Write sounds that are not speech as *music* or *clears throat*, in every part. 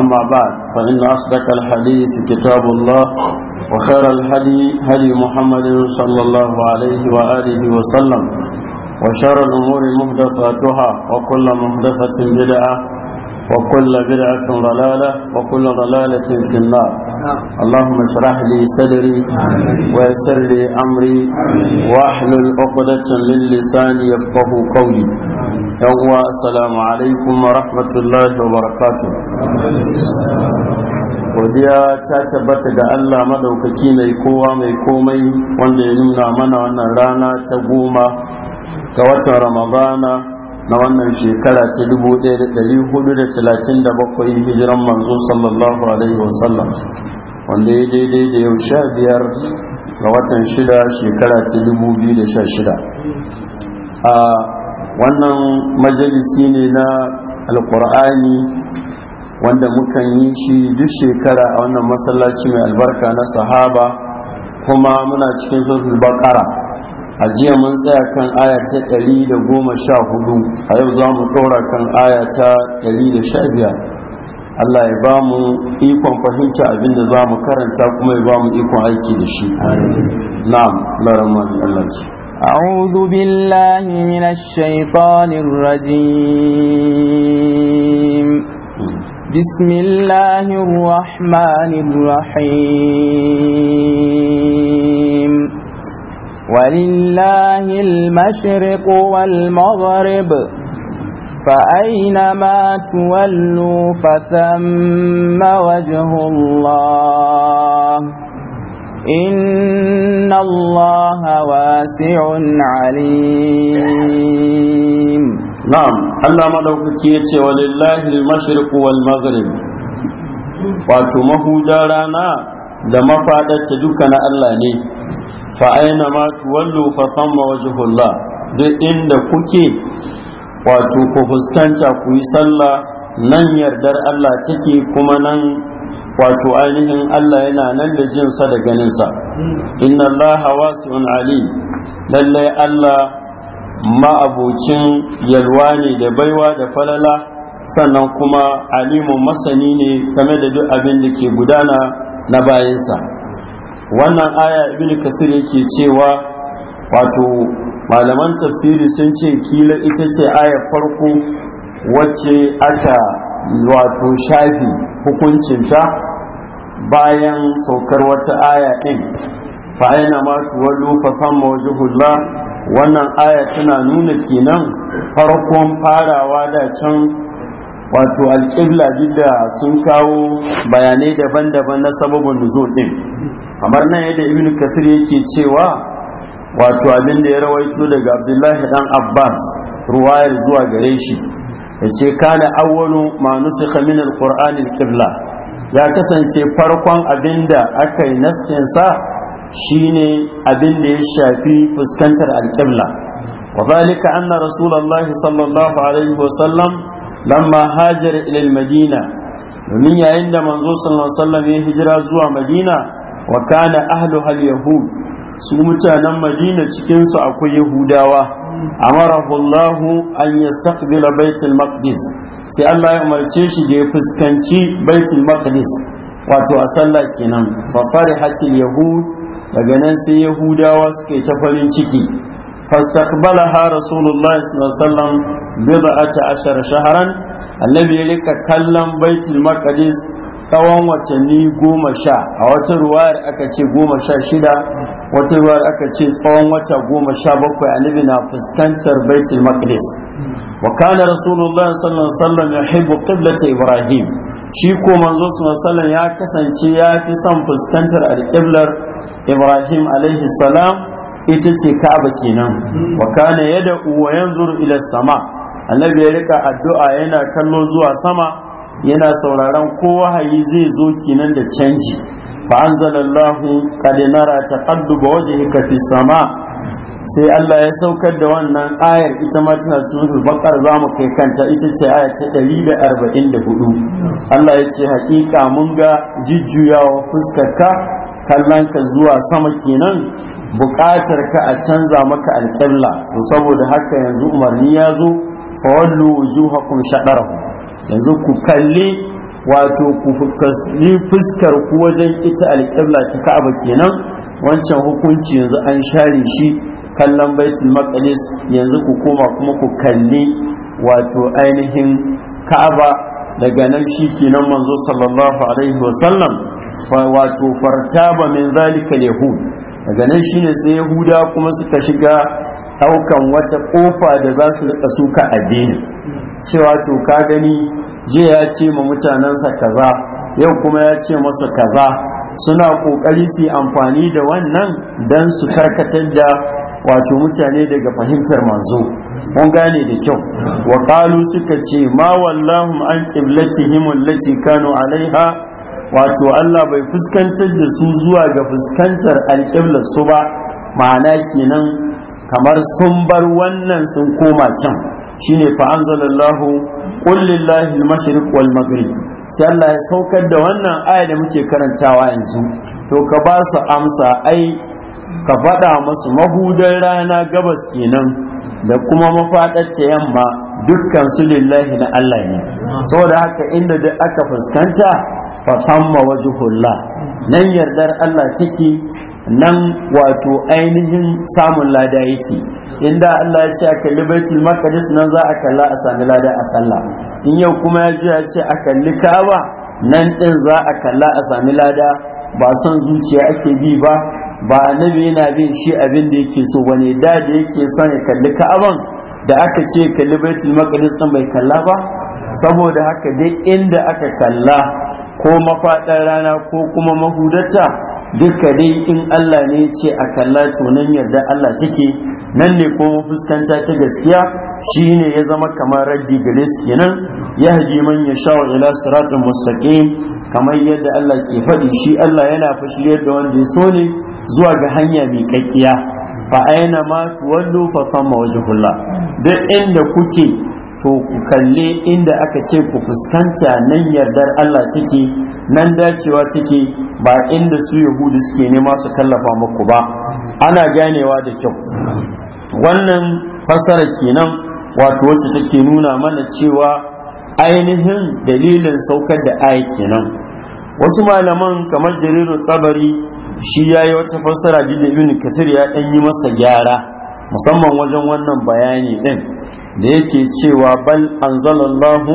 أما بعد فإن أصدق الحديث كتاب الله وخير الهدي هدي محمد صلى الله عليه وآله وسلم وشر الأمور محدثاتها وكل محدثة بدعة وكل بدعة ضلالة وكل ضلالة في النار اللهم اشرح لي صدري ويسر لي أمري واحلل عقدة من لساني يفقه قولي يوم السلام عليكم ورحمة الله وبركاته godiya ta tabbata ga Allah madaukaki mai kowa mai komai wanda ya nuna mana wannan rana ta goma ga watan ramadana na wannan shekara ta 1437 hijiran manzo sallallahu alaihi wasallam wanda ya daidai da yau sha biyar ga watan shida shekara ta 2016 a wannan majalisi ne na alkur'ani wanda mukan yi shi duk shekara a wannan masallaci mai albarka na sahaba kuma muna cikin zurfin bakara a jiya mun tsaya kan aya ta 114 a yau za mu ɗora kan aya ta 115 Allah ya ba mu ikon fahimta abin da za mu karanta kuma ya ba mu ikon aiki da shi na'am laraman Allah ce أعوذ بالله من الشيطان الرجيم بسم الله الرحمن الرحيم ولله المشرق والمغرب فأينما تولوا فثم وجه الله إن الله واسع عليم نعم الله ملوكك يتي ولله المشرق والمغرب wato mahuda rana da mafaɗarta duka na Allah ne fa aina ma tuwallu fa thamma wajhullah duk inda kuke wato ku fuskanta ku yi sallah nan yardar Allah take kuma nan wato ainihin Allah yana nan da jinsa da ganinsa inna Allah wasi'un ali lallai Allah ma'abocin yalwa ne da baiwa da falala sannan kuma alimun masani ne game da duk abin da ke gudana na bayansa wannan aya ibn kasir yake cewa wato malaman tafsiri sun ce kila ita ce aya farko wacce aka wato shafi hukuncinta bayan saukar wata aya ɗin fa'ina ma tuwallu fa famma wajhullah wannan aya tana nuna kenan farkon farawa da can wato alƙibla da sun kawo bayanai daban-daban na sababin nuzul din kamar nan yadda ibn kasir yake cewa wato abin da ya rawaito daga abdullahi dan abbas ruwayar zuwa gare shi ya ce kana awwalu ma nusikha min alqur'an alqibla ya kasance farkon abin da aka yi sa shine abin da ya shafi fuskantar alqibla وذلك أن رسول الله lamma hajar ilil madina domin yayin da manzo sallallahu alaihi wasallam ya hijira zuwa madina wa kana ahlu hal yahud su mutanen madina cikin su akwai yahudawa amarahu Allah an yastaqbila baitul maqdis sai Allah ya umarce shi da ya fuskanci baitul maqdis wato a sallah kenan fa farihatil yahud daga nan sai yahudawa suke ta farin ciki فاستقبلها رسول الله صلى الله عليه وسلم بضعة عشر شهرا الذي لك كلم بيت المقدس tsawon watanni goma sha a wata ruwayar aka ce goma sha shida wata ruwayar aka ce tsawon wata goma sha bakwai annabi fuskantar baitul maqdis wa kana rasulullah sallallahu ibrahim shi ko manzo sallallahu ya kasance ya fi son fuskantar alqiblar ibrahim alaihi salam ita ce ka'aba kenan hmm. wa kana yad'u wa yanzuru ila sama annabi ya rika addu'a yana kallo zuwa sama yana sauraron ko wahayi zai zo kenan da canji fa anzalallahu qad nara taqadduba wajhika fi sama sai Allah ya saukar da wannan ayar ita ma tana suratul baqara zamu kai kanta ita ce aya ta 144 Allah ya ce haƙiƙa mun ga jijjuyawa fuskarka kallon ka zuwa sama kenan buƙatar ka a canza maka alƙalla to saboda haka yanzu umarni ya zo fa wallu wujuhakum yanzu ku kalli wato ku fukasli fuskar ku wajen ita alƙalla ta Ka'aba kenan wancan hukunci yanzu an share shi kallon baitul maqdis yanzu ku koma kuma ku kalli wato ainihin Ka'aba daga nan shi kenan manzo sallallahu alaihi wasallam wato fartaba min zalika yahud daga nan shine sai yahuda kuma suka shiga daukan wata kofa da za su rika suka addini cewa to ka gani jiya ya ce ma mutanensa kaza yau kuma ya ce masa kaza suna kokari su amfani da wannan don su karkatar da wato mutane daga fahimtar manzo mun gane da kyau wa suka ce ma wallahum an qiblatihim allati kanu alaiha wato Allah bai fuskantar da su zuwa ga fuskantar alƙiblar su ba ma'ana kenan kamar sun bar wannan sun koma can shine fa anzalallahu qul lillahi al-mashriq wal maghrib sai Allah ya saukar da wannan aya da muke karantawa yanzu to ka ba su amsa ai ka faɗa musu mahudar rana gabas kenan da kuma mafaɗar ta yamma dukkan su lillahi na Allah ne saboda haka inda aka fuskanta fa waje wajhullah nan yardar Allah take nan wato ainihin samun lada yake inda Allah ya ce a kalli baitul maqdis nan za a kalla a sami lada a sallah in yau kuma ya ji ya ce a kalli kaaba nan din za a kalla a sami lada ba son zuciya ake bi ba ba annabi yana bin shi abin da yake so bane da da yake son ya kalli ka'aban da aka ce kalli baitul maqdis din bai kalla ba saboda haka dai inda aka kalla ko mafaɗar rana ko kuma mahudata duka dai in Allah ne ce a kalla to nan yarda Allah take nan ne ko fuskanta ta gaskiya shi ne ya zama kamar raddi gare su kenan ya haji man ya sha ila siratin mustaqim kamar yadda Allah ke faɗi shi Allah yana fashi da wanda ya so ne zuwa ga hanya mai kakkiya fa aina ma tuwallu fa wajhullah duk inda kuke to ku kalli inda aka ce ku fuskanta nan yardar Allah take nan dacewa take ba inda su yahudu suke nema su kallafa muku ba ana ganewa da kyau wannan fasara kenan wato wacce take nuna mana cewa ainihin dalilin saukar da aya kenan wasu malaman kamar jaririn tabari shi ya yi wata fassara da ibn kasir ya ɗan yi masa gyara musamman wajen wannan bayani ɗin da yake cewa ban anzalallahu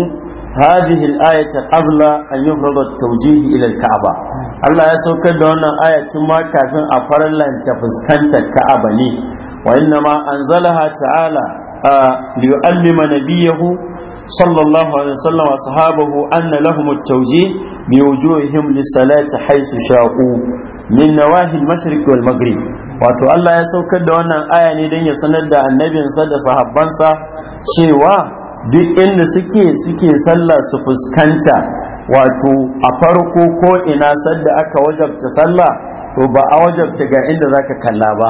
hadhihi al-ayata qabla an yufrada at Ka'aba. Allah ya saukar da wannan aya tun ma kafin a farar farallanta fuskantar Ka'aba ne wa inna anzalaha ta'ala li yu'allima nabiyahu sallallahu alaihi wa sahabahu anna lahum at-tawjih bi wujuhihim lis-salati haythu sha'u min nawahi al-mashriq wal-maghrib wato Allah ya saukar da wannan aya ne don ya sanar da annabinsa da sahabbansa cewa duk inda suke suke sallah su fuskanta wato a farko ko ina sadda aka wajabta sallah to ba a wajabta ga inda zaka kalla ba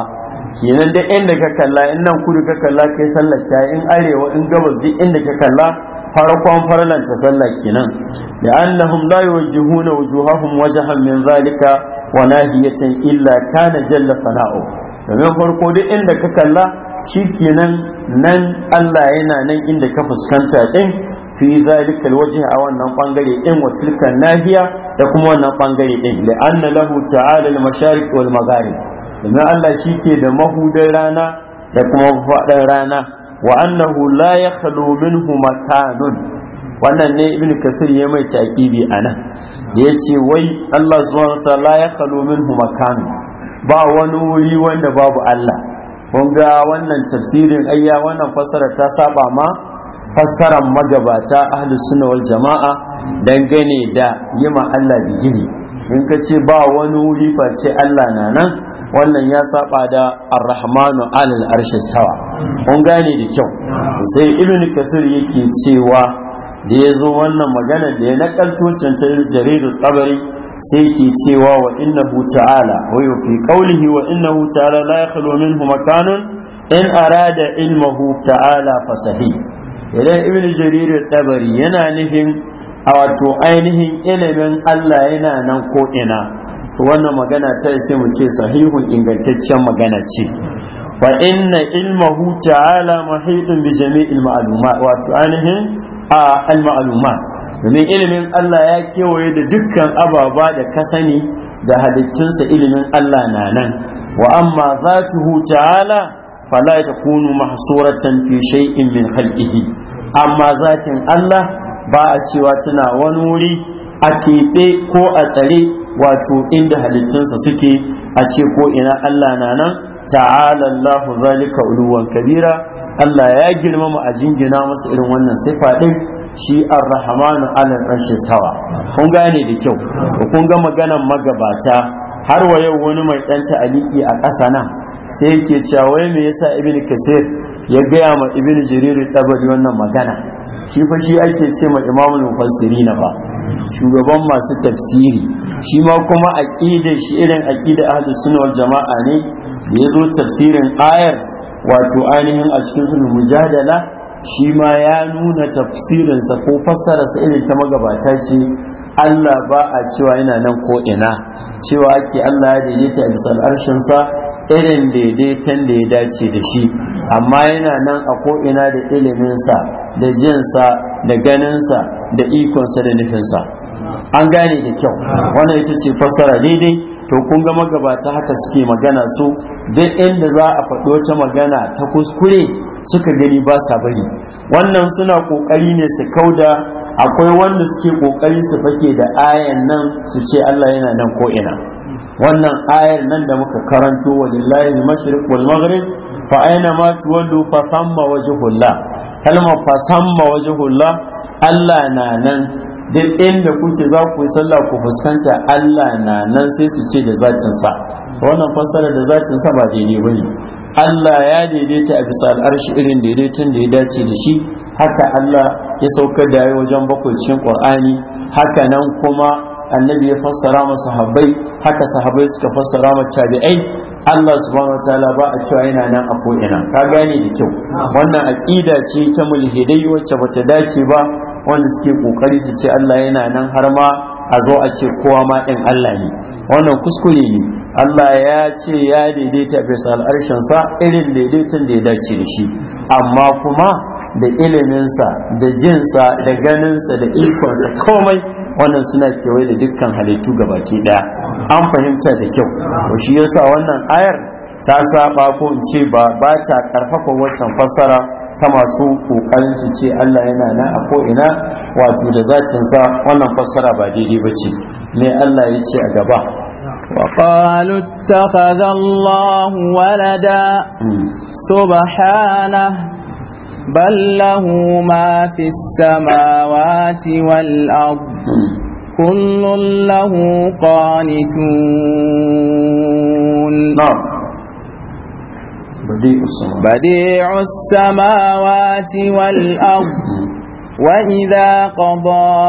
kenan duk inda ka kalla in nan kudu ka kalla kai sallar ta in arewa in gabas duk inda ka kalla farkon farlanta sallah kenan da annahum la yuwajjihuna wujuhahum wajhan min zalika wa nahiyatan illa kana jalla sana'u domin farko duk inda ka kalla shi shikenan nan Allah yana nan inda ka fuskanta din fi zalikal wajhi a wannan bangare din wa tilkan nahiya da kuma wannan bangare din la anna lahu ta'ala al mashariq wal magharib domin Allah shike da mahudan rana da kuma fadan rana wa annahu la yakhlu minhu makanun wannan ne ibn kasir ya mai taqibi anan ya ce wai Allah subhanahu ta'ala ya kalo minhu makan ba wani wuri wanda babu Allah kun ga wannan tafsirin ayya wannan fassara ta saba ma fassarar magabata ahlus sunna wal jama'a dangane da ma Allah gini, in ka ce ba wani wuri face Allah na nan wannan ya saba da ar-rahmanu alal arshis tawa kun gane da kyau sai ibnu kasir yake cewa da ya zo wannan magana da ya nakalto cancan jaridar tabari sai ke cewa wa hu ta'ala wa fi qawlihi wa hu ta'ala la yakhlu minhu makanun in arada ilmahu ta'ala fasahi idan ibn jarir tabari yana nihin a wato ainihin ilimin Allah yana nan ko'ina, ina to wannan magana ta sai mu ce sahihun ingantaccen magana ce ta'ala علمه تعالى محيط بجميع wato ainihin a al domin ilimin Allah ya kewaye da dukkan ababa da ka sani da halittunsa ilimin Allah na nan wa amma huta ta'ala fala kunu mahsuratan fi shay'in min khalqihi amma zatin Allah ba a cewa tana wani wuri a keɓe ko a tsare wato inda halittunsa suke a ce ko ina Allah na nan ta'ala Allahu zalika uluwan kabira Allah ya girmama a jingina masa irin wannan sifa din shi ar-rahmanu alal tawa kun gane da kyau kun ga maganan magabata har wa yau wani mai dan ta'aliki a ƙasa nan sai yake cewa wai me yasa ibnu kasir ya gaya ma ibnu jarir tabari wannan magana shi fa shi ake ce ma imamul na fa shugaban masu tafsiri shi ma kuma aqidar shi irin aqidar ahlus sunna wal jama'a ne da yazo tafsirin ayar wato ainihin a cikin sulhu mujadala shi ma ya nuna tafsirinsa ko fassararsa irin ta magabata ce Allah ba a cewa yana nan ko ina cewa ake Allah ya daidaita a bisa al'arshinsa irin daidaitan da ya dace da shi amma yana nan a ko ina da iliminsa da jinsa da ganinsa da ikonsa da nufinsa an gane da kyau wannan ita ce fassara daidai to kun ga magabata haka suke magana su duk inda za a faɗo ta magana ta kuskure suka gani ba sa bari wannan suna ƙoƙari ne su kauda akwai wanda suke ƙoƙari su fake da ayan nan su ce Allah yana nan ko ina wannan ayar nan da muka karanto wa lillahi mashriq wal maghrib fa aina ma tuwallu fa thamma wajhullah kalmar fa thamma wajhullah Allah na nan duk inda kuke za ku yi sallah ku fuskanta Allah na nan sai su ce da sa wannan fassara da sa ba daidai bane Allah ya daidaita a bisa al'arshi irin daidaiton da ya dace da shi haka Allah ya saukar da ya wajen bakwai cikin Qur'ani haka nan kuma annabi ya fassara ma sahabbai haka sahabbai suka fassara ma tabi'ai Allah subhanahu wataala ba a cewa yana nan a ko'ina ka gane da kyau wannan aqida ce ta mulhidai wacce bata dace ba wanda suke kokari su ce Allah yana nan har ma a zo a ce kowa ma ɗin Allah ne wannan kuskure ne Allah ya ce ya daidaita bisa al'arshinsa irin daidaitun da ya dace da shi amma kuma da iliminsa da jinsa da ganinsa da ikonsa komai wannan suna kewaye da dukkan halittu gabaki daya. an fahimta da kyau shi yasa wannan ayar ta saba ko in ce ba ba ta karfafa wancan fassara ta masu kokarin su ce Allah yana nan a ko'ina wato da sa wannan fassara ba daidai ba ce ne Allah ya ce a gaba وقالوا اتخذ الله ولدا سبحانه بل له ما في السماوات والأرض كل له قانتون نعم بديع السماوات والأرض وإذا قضى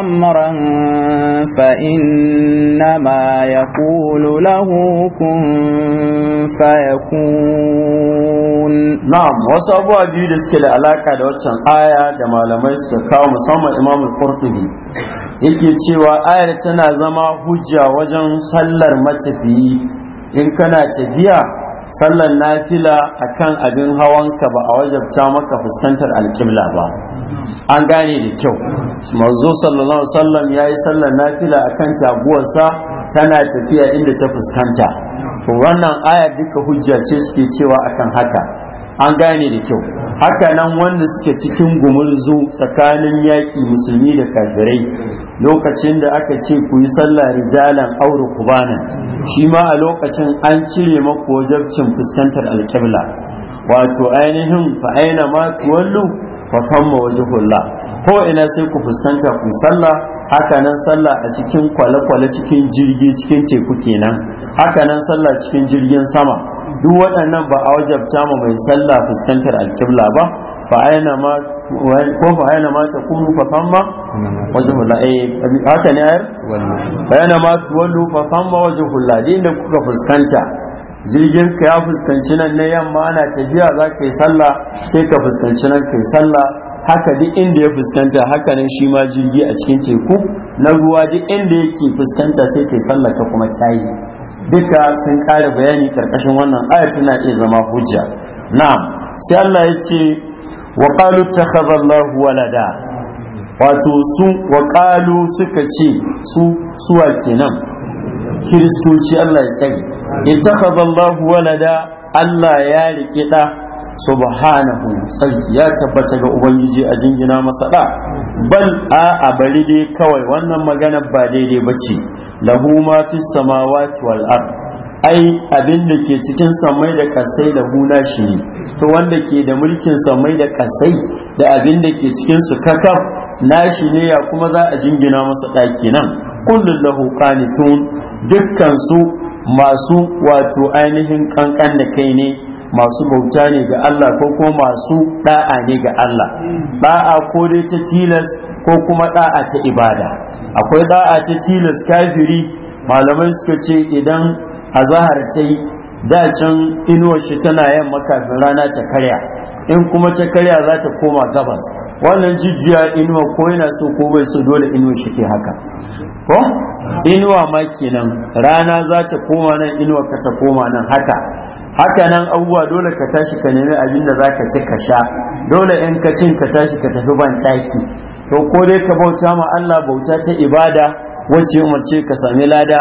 أمرا فإنما يقول له كن فيكون نعم وصابوا بيو دسك العلاقة دوتشان آية دما لما يسكاو مسامة إمام القرطبي yake cewa ayar tana zama hujja wajen sallar matafiyi in kana tafiya sallar nafila akan abin hawanka ba a wajabta maka fuskantar alƙibla ba an gane da kyau manzo sallallahu alaihi wasallam ya yi sallar nafila akan taguwarsa tana tafiya inda ta fuskanta wannan aya duka hujja ce suke cewa akan haka an gane da kyau haka nan wanda suke cikin gumurzu tsakanin yaƙi musulmi da kafirai lokacin da aka ce ku yi sallah rijalan aure kubanan shi ma a lokacin an cire maku wajabcin fuskantar alƙibla wato ainihin fa aina ma tuwallu fa famma wajhulla ko ina sai ku fuskanta ku salla haka nan sallah a cikin kwale-kwale cikin jirgi cikin teku kenan haka nan sallah cikin jirgin sama duk waɗannan ba a wajabta ma mai sallah fuskantar alkibla ba fa aina ma ta kuma fa famma wajen lahi eh, haka ne ayar fa aina ma fa famma da kuka fuskanta jirgin ka ya fuskanci nan na yamma ana tafiya za ka yi sallah sai ka fuskanci nan ka yi sallah haka duk inda ya fuskanta haka nan shi ma jirgi a cikin teku na ruwa duk inda yake fuskanta sai ka yi sallah ka kuma tayi duka sun kare bayani karkashin wannan ayar tana iya zama hujja na'am sai Allah ya ce wa qalu takhadha Allah walada wato su wa qalu suka ce su suwa kenan kiristoci Allah ya in ittakhadha Allah walada Allah ya rike da subhanahu Tsarki ya tabbata ga ubangiji a jingina masa da bal a bari dai kawai wannan magana ba daidai bace lahu ma fi samawati wal ard ai abin da ke cikin samai da kasai da na shi ne to wanda ke da mulkin samai da kasai da abin da ke cikin su kakaf nashi ne ya kuma za a jingina masa ɗaki nan kullun lahu qanitun dukkan su masu wato ainihin kankan da kai ne masu bauta ne ga Allah ko kuma masu da'a ne ga Allah da'a ko dai ta tilas ko kuma da'a ta ibada akwai da'a ta tilas kafiri malamai suka ce idan azahar ta yi dacin inuwar shi tana yin makafin rana ta karya in kuma ta karya za ta koma gabas wannan jijjiya inuwa ko yana so ko bai so dole inuwa shi ke haka ko inuwa ma kenan rana za ta koma nan inuwa ka ta koma nan haka haka nan abubuwa dole ka tashi ka nemi abin da za ka ci ka sha dole in ka cin ka tashi ka tafi ban daki to ko dai ka bauta ma Allah bauta ta ibada wacce umarce ka sami lada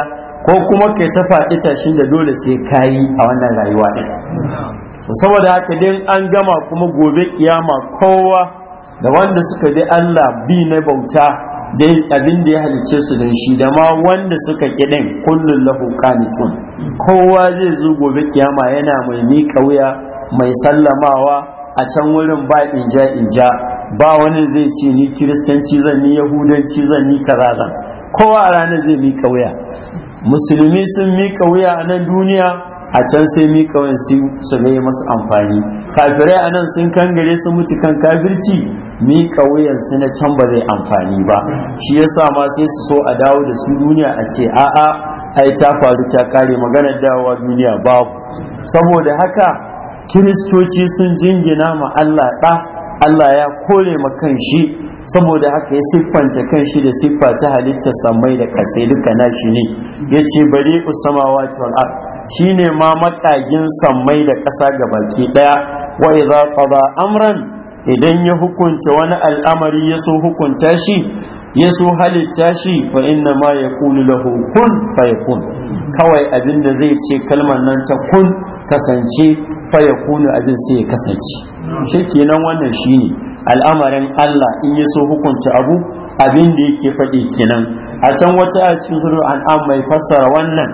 ko kuma kai ta faɗi tashin da dole sai ka yi a wannan rayuwa ɗin saboda haka din an gama kuma gobe kiyama kowa da wanda suka bi Allah bi na bauta dai abin da ya halice su don shi da ma wanda suka ƙi ɗin kullum lahu qanitun kowa zai zo gobe kiyama yana mai mika wuya mai sallamawa a can wurin ba inja inja ba wani zai ce ni kiristanci zan ni yahudanci zan ni kaza zan kowa a ranar zai mika wuya musulmi sun mika wuya a nan duniya a can sai miƙa wuyan su ne masu amfani kafirai a nan sun kangare su mutu kan kafirci mika wuyan su na can ba zai amfani ba shi yasa ma sai su so a dawo da su duniya a ce a'a ai ta faru ta kare maganar dawowa duniya babu saboda haka kiristoci sun jingina ma Allah ɗa Allah ya kore ma kan shi saboda haka ya siffanta kan shi da siffa ta halitta samai da kasai duka shi ne ya ce bari usamawati wal shi shine ma makagin samai da ƙasa ga baki ɗaya wa idza qada amran idan ya hukunta wani al'amari ya so hukunta shi ya so halitta shi fa inna ma yaqulu lahu kun fayakun kawai abin da zai ce kalmar nan ta kun kasance faya kuna abin sai ya kasance shi kenan wannan shine al'amarin Allah in ya so hukunta abu abin da yake faɗi kenan a can wata a cikin an an'am mai fassara wannan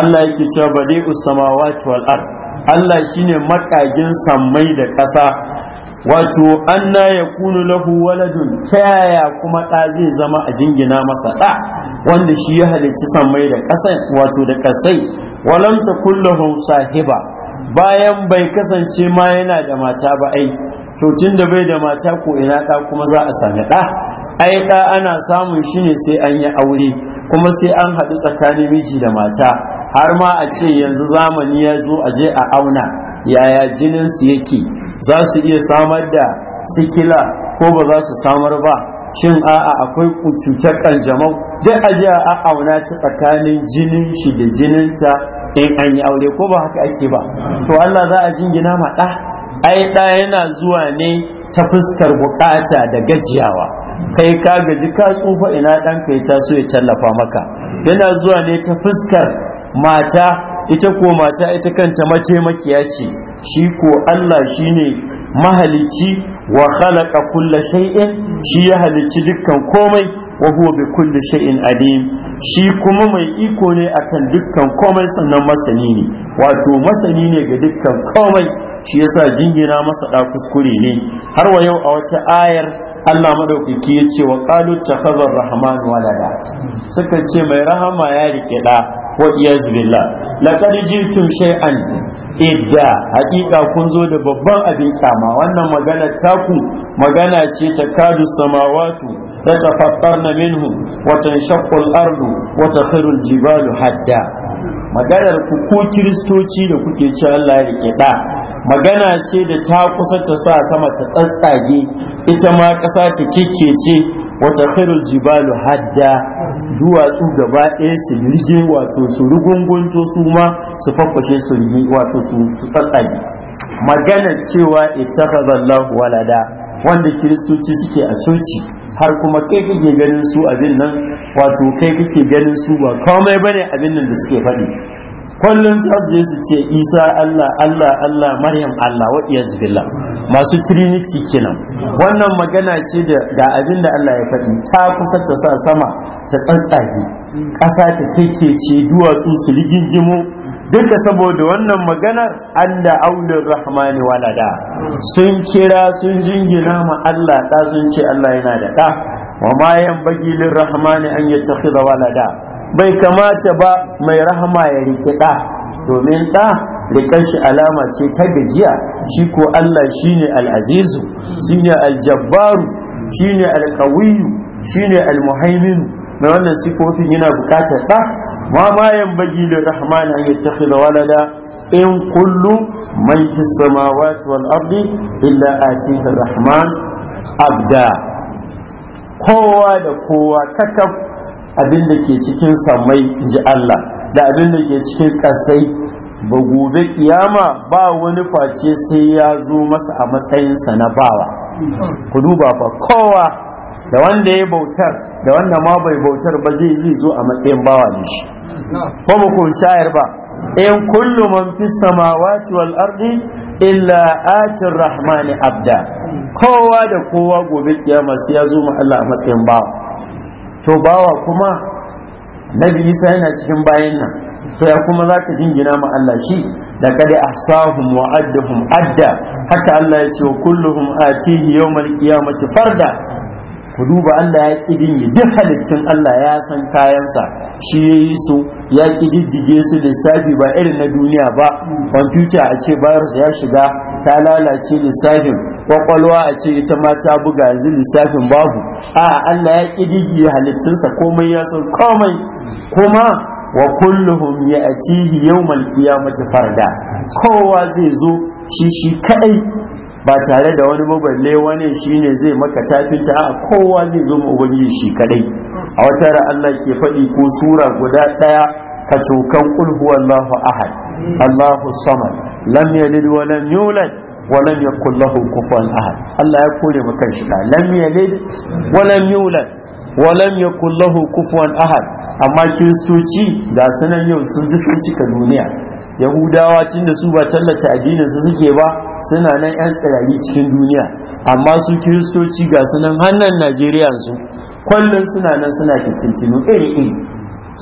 Allah yake cewa badi'us samawati wal ard Allah shine makagin sammai da ƙasa wato anna yakunu lahu waladun ta yaya kuma ɗa zai zama a jingina masa ɗa wanda shi ya halicci sammai da ƙasa wato da ƙasai Walanta kullum sahiba bayan bai kasance ma yana da mata ba ai to tun da bai da mata ko ina ɗa kuma za a sami ɗa ai ɗa ana samun shi ne sai an yi aure kuma sai an haɗu tsakanin miji da mata har ma a ce yanzu zamani ya zo a je a auna yaya jininsu su yake za su iya samar da sikila ko ba za su samar ba shin a'a akwai cutar kanjamau dai a je a auna ta tsakanin jinin shi da jininta in an yi aure ko ba haka ake ba to Allah za a jingina ma ɗa ai ɗa yana zuwa ne ta fuskar bukata da gajiyawa kai ka gaji ka tsufa ina ɗan kai ta so ya tallafa maka yana zuwa ne ta fuskar mata ita ko mata ita kanta mataimakiya ce shi ko Allah shine mahalicci wa khalaqa kulla shay'in shi ya halicci dukkan komai wa huwa bi kulli shay'in alim shi kuma mai iko ne akan dukkan komai sannan masani ne wato masani ne ga dukkan komai shi yasa jingina masa da kuskure ne har wa yau a wata ayar Allah madaukaki ya ce wa qalu takhadha rahman walada suka ce mai rahama ya rike da wa iyaz billah laqad jitum shay'an idda hakika kun zo da babban abin kyama wannan magana taku magana ce ta kadu samawatu yatafattarna minhu watan tanshaqqu al-ardu wa takhiru jibalu hadda maganar ku ko kiristoci da kuke ci Allah ya rike da magana ce da ta kusa ta sa sama ta tsatsage ita ma ƙasa ta kikkece ce, wata al-jibalu hadda duwatsu gaba ɗaya su rige wato su rugungunto su ma su faffashe su rige wato su tsatsage maganar cewa ittakhadha Allah walada wanda kiristoci suke a soci har kuma kai kake ganin su abin nan wato kai kake ganin su ba komai bane abin nan da suke faɗi kullum za su je su ce isa allah allah allah maryam allah wa iyazu billah masu trinity kenan wannan magana ce da ga abin da allah ya faɗi ta kusa ta sa sama ta tsantsage ƙasa ta ce, duwatsu su rigingimo duka saboda wannan maganar an da aulin rahmani walada sun kira sun jingina ma Allah ɗa sun ce Allah yana da ɗa wa ma yan bagi rahmani an ya tafi da walada bai kamata ba mai rahama ya rike ɗa domin ɗa rikar shi alama ce ta gajiya shi ko Allah shine al'azizu ne aljabbaru shine shi shine almuhaiminu na wannan sifofin yana bukatar ɗa ma ma yan bagi da rahman an yi da. walada in kullu mai fi samawati wal ardi illa a cika rahman abda kowa da kowa kakaf abin da ke cikin samai ji Allah da abin da ke cikin kasai ba gobe kiyama ba wani face sai ya zo masa a matsayinsa na bawa ku duba fa kowa da wanda ya bautar da wanda ma bai bautar ba zai zai zo a matsayin bawa ne shi ko ba ku shayar ba in kullu man fi samawati wal ardi illa atir rahmani abda kowa da kowa gobe kiyama sai ya zo ma Allah a matsayin bawa to bawa kuma nabi Isa yana cikin bayan nan to ya kuma za ka jingina ma Allah shi da kada ahsahum wa addahum adda haka Allah ya ce wa kulluhum atihi yawmal qiyamati farda ku duba Allah ya yi duk halittun Allah ya san kayansa shi ya yi su ya ƙididdige su lissafi ba irin na duniya ba kwamfuta a ce virus ya shiga ta lalace lissafin kwakwalwa a ce ita ma ta buga yanzu lissafin babu a Allah ya ƙididdige halittunsa komai ya san komai kuma wa kulluhum ya atihi yawmal mata farda kowa zai zo shi shi kadai ba tare da wani maballe wani shine zai maka tafinta a kowa zai zo ubangiji shi kadai a wata ra Allah ke faɗi ko sura guda ɗaya ka cokan kulhu Allahu ahad Allahu samad lam yalid wa lam yulad wa lam yakul lahu kufuwan ahad Allah ya kore kan shi lam yalid wa lam yulad wa lam yakul lahu kufuwan ahad amma kiristoci ga sanan yau sun duk cika duniya yahudawa tunda su ba tallata addinin su suke ba suna nan 'yan tsirari cikin duniya amma su kiristoci ga sunan hannun najeriya su kwallon suna nan suna fitintinu iri-iri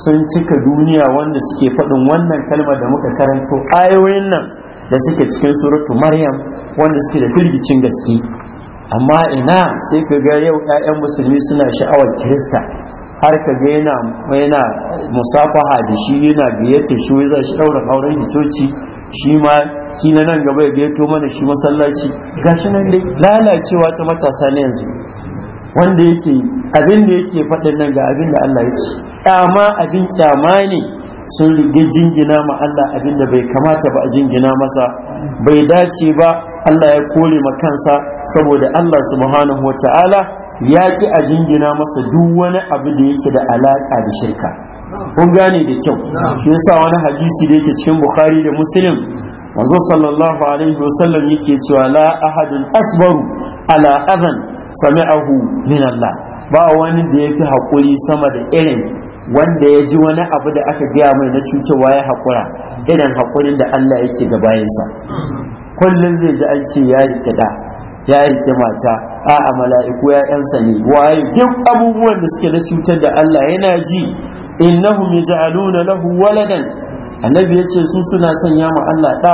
sun cika duniya wanda suke faɗin wannan kalmar da muka karanto ayoyin nan da suke cikin suratu maryam wanda suke da firgicin gaske amma ina sai ka ga yau 'ya'yan musulmi suna sha'awar kirista har ka ga yana yana musafaha da shi yana ta shi za shi daura auren hitoci shi ma shi na nan gaba ya gayyato mana shi masallaci gashi nan dai lalacewa ta matasa ne yanzu wanda yake abin da yake faɗin nan ga abin da Allah ya ce kyama abin kyama ne sun rige jingina ma Allah abin da bai kamata ba a jingina masa bai dace ba Allah ya kore ma kansa saboda Allah subhanahu wa ta'ala ya ki a jingina masa duk wani abu da yake da alaka da shirka kun gane da kyau shi yasa wani hadisi da yake cikin Bukhari da Muslim manzo sallallahu alaihi wasallam yake cewa la ahadun asbaru ala adan sami'ahu min Allah ba wani da yafi hakuri sama da irin wanda ya ji wani abu da aka gaya mai na cutarwa ya hakura irin hakurin da Allah yake ga bayansa kullum zai ji an ce ya rike da ya rike mata a a mala'iku ya yansa ne waye duk abubuwan da suke na cutar da Allah yana ji innahum yaj'aluna lahu waladan annabi ya ce su suna sanya ma Allah ɗa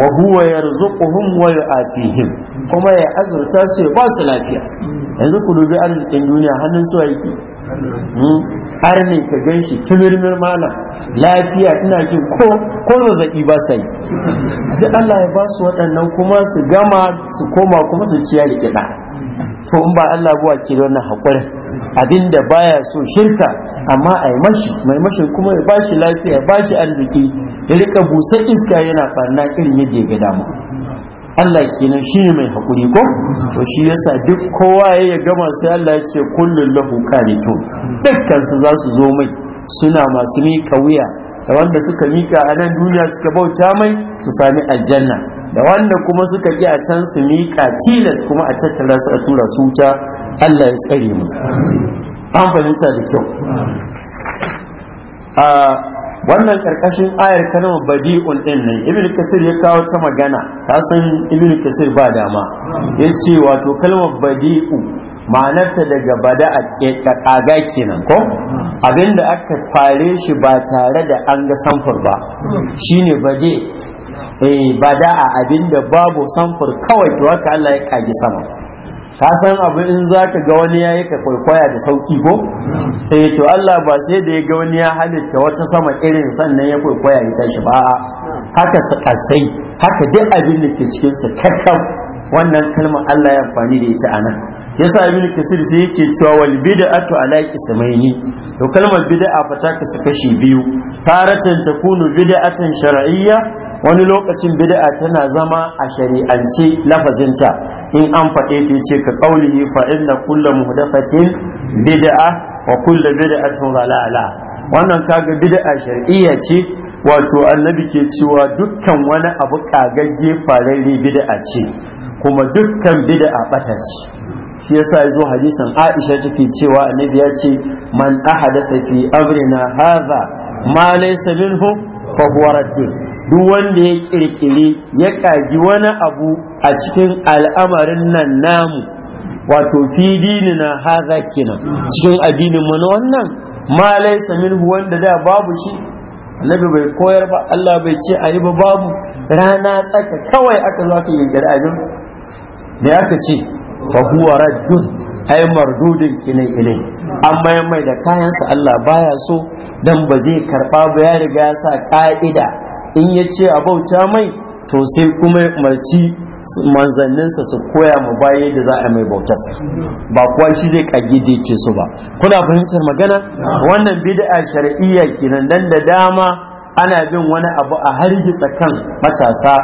wa huwa yarzuquhum wa yu'atihim kuma ya azurta su ya ba su lafiya yanzu ku dubi arzikin duniya hannun su aiki. har ne ka gan shi timirmir malam lafiya ina jin ko ko ba sai da Allah ya ba su waɗannan kuma su gama su koma kuma su ciya kiɗa. to in ba Allah buwa ke da wannan haƙurin abinda baya so shirka amma a yi mashi mai mashi kuma ya bashi lafiya bashi arziki ya rika busa iska yana farna irin yadda ya ga dama Allah kenan shi ne mai haƙuri ko to shi yasa duk kowa ya gama sai Allah ya ce kullun lahu qanitun dukkan su za su zo mai suna masu miƙa wuya da wanda suka mika a nan duniya suka bauta mai su sami aljanna da wanda kuma suka ƙi a can su miƙa tilas kuma a tattara su a tura su wuta Allah ya tsare mu an fahimta da kyau a wannan karkashin ayar kalmar badi'un din nan Ibn kasir ya kawo ta magana ta san Ibn kasir ba dama ya ce wato kalmar badi'u ma'anarta daga bada a kaga eh, kenan ko abinda aka fare shi ba tare da an ga samfur ba shine bade eh bada a abinda babu samfur kawai to haka Allah ya kage sama ka san abu in za ka ga wani ya yi ka kwaikwaya da sauki ko eh to Allah ba sai da ya ga wani ya halitta wata sama irin sannan ya kwaikwaya ya tashi ba haka su sai haka duk abin da ke cikin su kakkan wannan kalmar Allah ya amfani da ita anan yasa ibn kasir sai yake cewa wal bid'atu ala ismaini to kalmar bid'a fa ta kasu kashi biyu taratan takunu bid'atan shar'iyya wani lokacin bid'a tana zama a shari'ance lafazinta in an faɗe ta ce ka yi fa’in inna kulla muhdathatin bid'a wa kulla tun zalala wannan kaga bid'a shar'iyya ce wato annabi ke cewa dukkan wani abu kagagge fararre bid'a ce kuma dukkan bid'a ɓata ce shi yasa zo hadisin Aisha take cewa annabi ya ce man ahadatha fi amrina hadha ma laysa minhu fahuwa duk wanda ya kirkiri ya kagi wani abu a cikin al'amarin nan namu wato fi dinina haza kenan cikin addinin mu na wannan Malai, samin, wanda da babu shi annabi bai koyar ba Allah bai ce ayi ba babu rana tsaka kawai aka zo aka yi abin da aka ce fahuwa raddun ai mardudin kinai ilai an mayan mai da kayansa Allah baya so dan ba zai karɓa ba ya riga ya sa ƙa'ida in ya ce a bauta mai to sai kuma marci manzanninsa su koya mu baya da za a mai bautar ba kuwa shi zai kage da yake so ba kuna fahimtar magana wannan bid'a shar'iyya kenan dan da dama ana bin wani abu a hargitsa kan matasa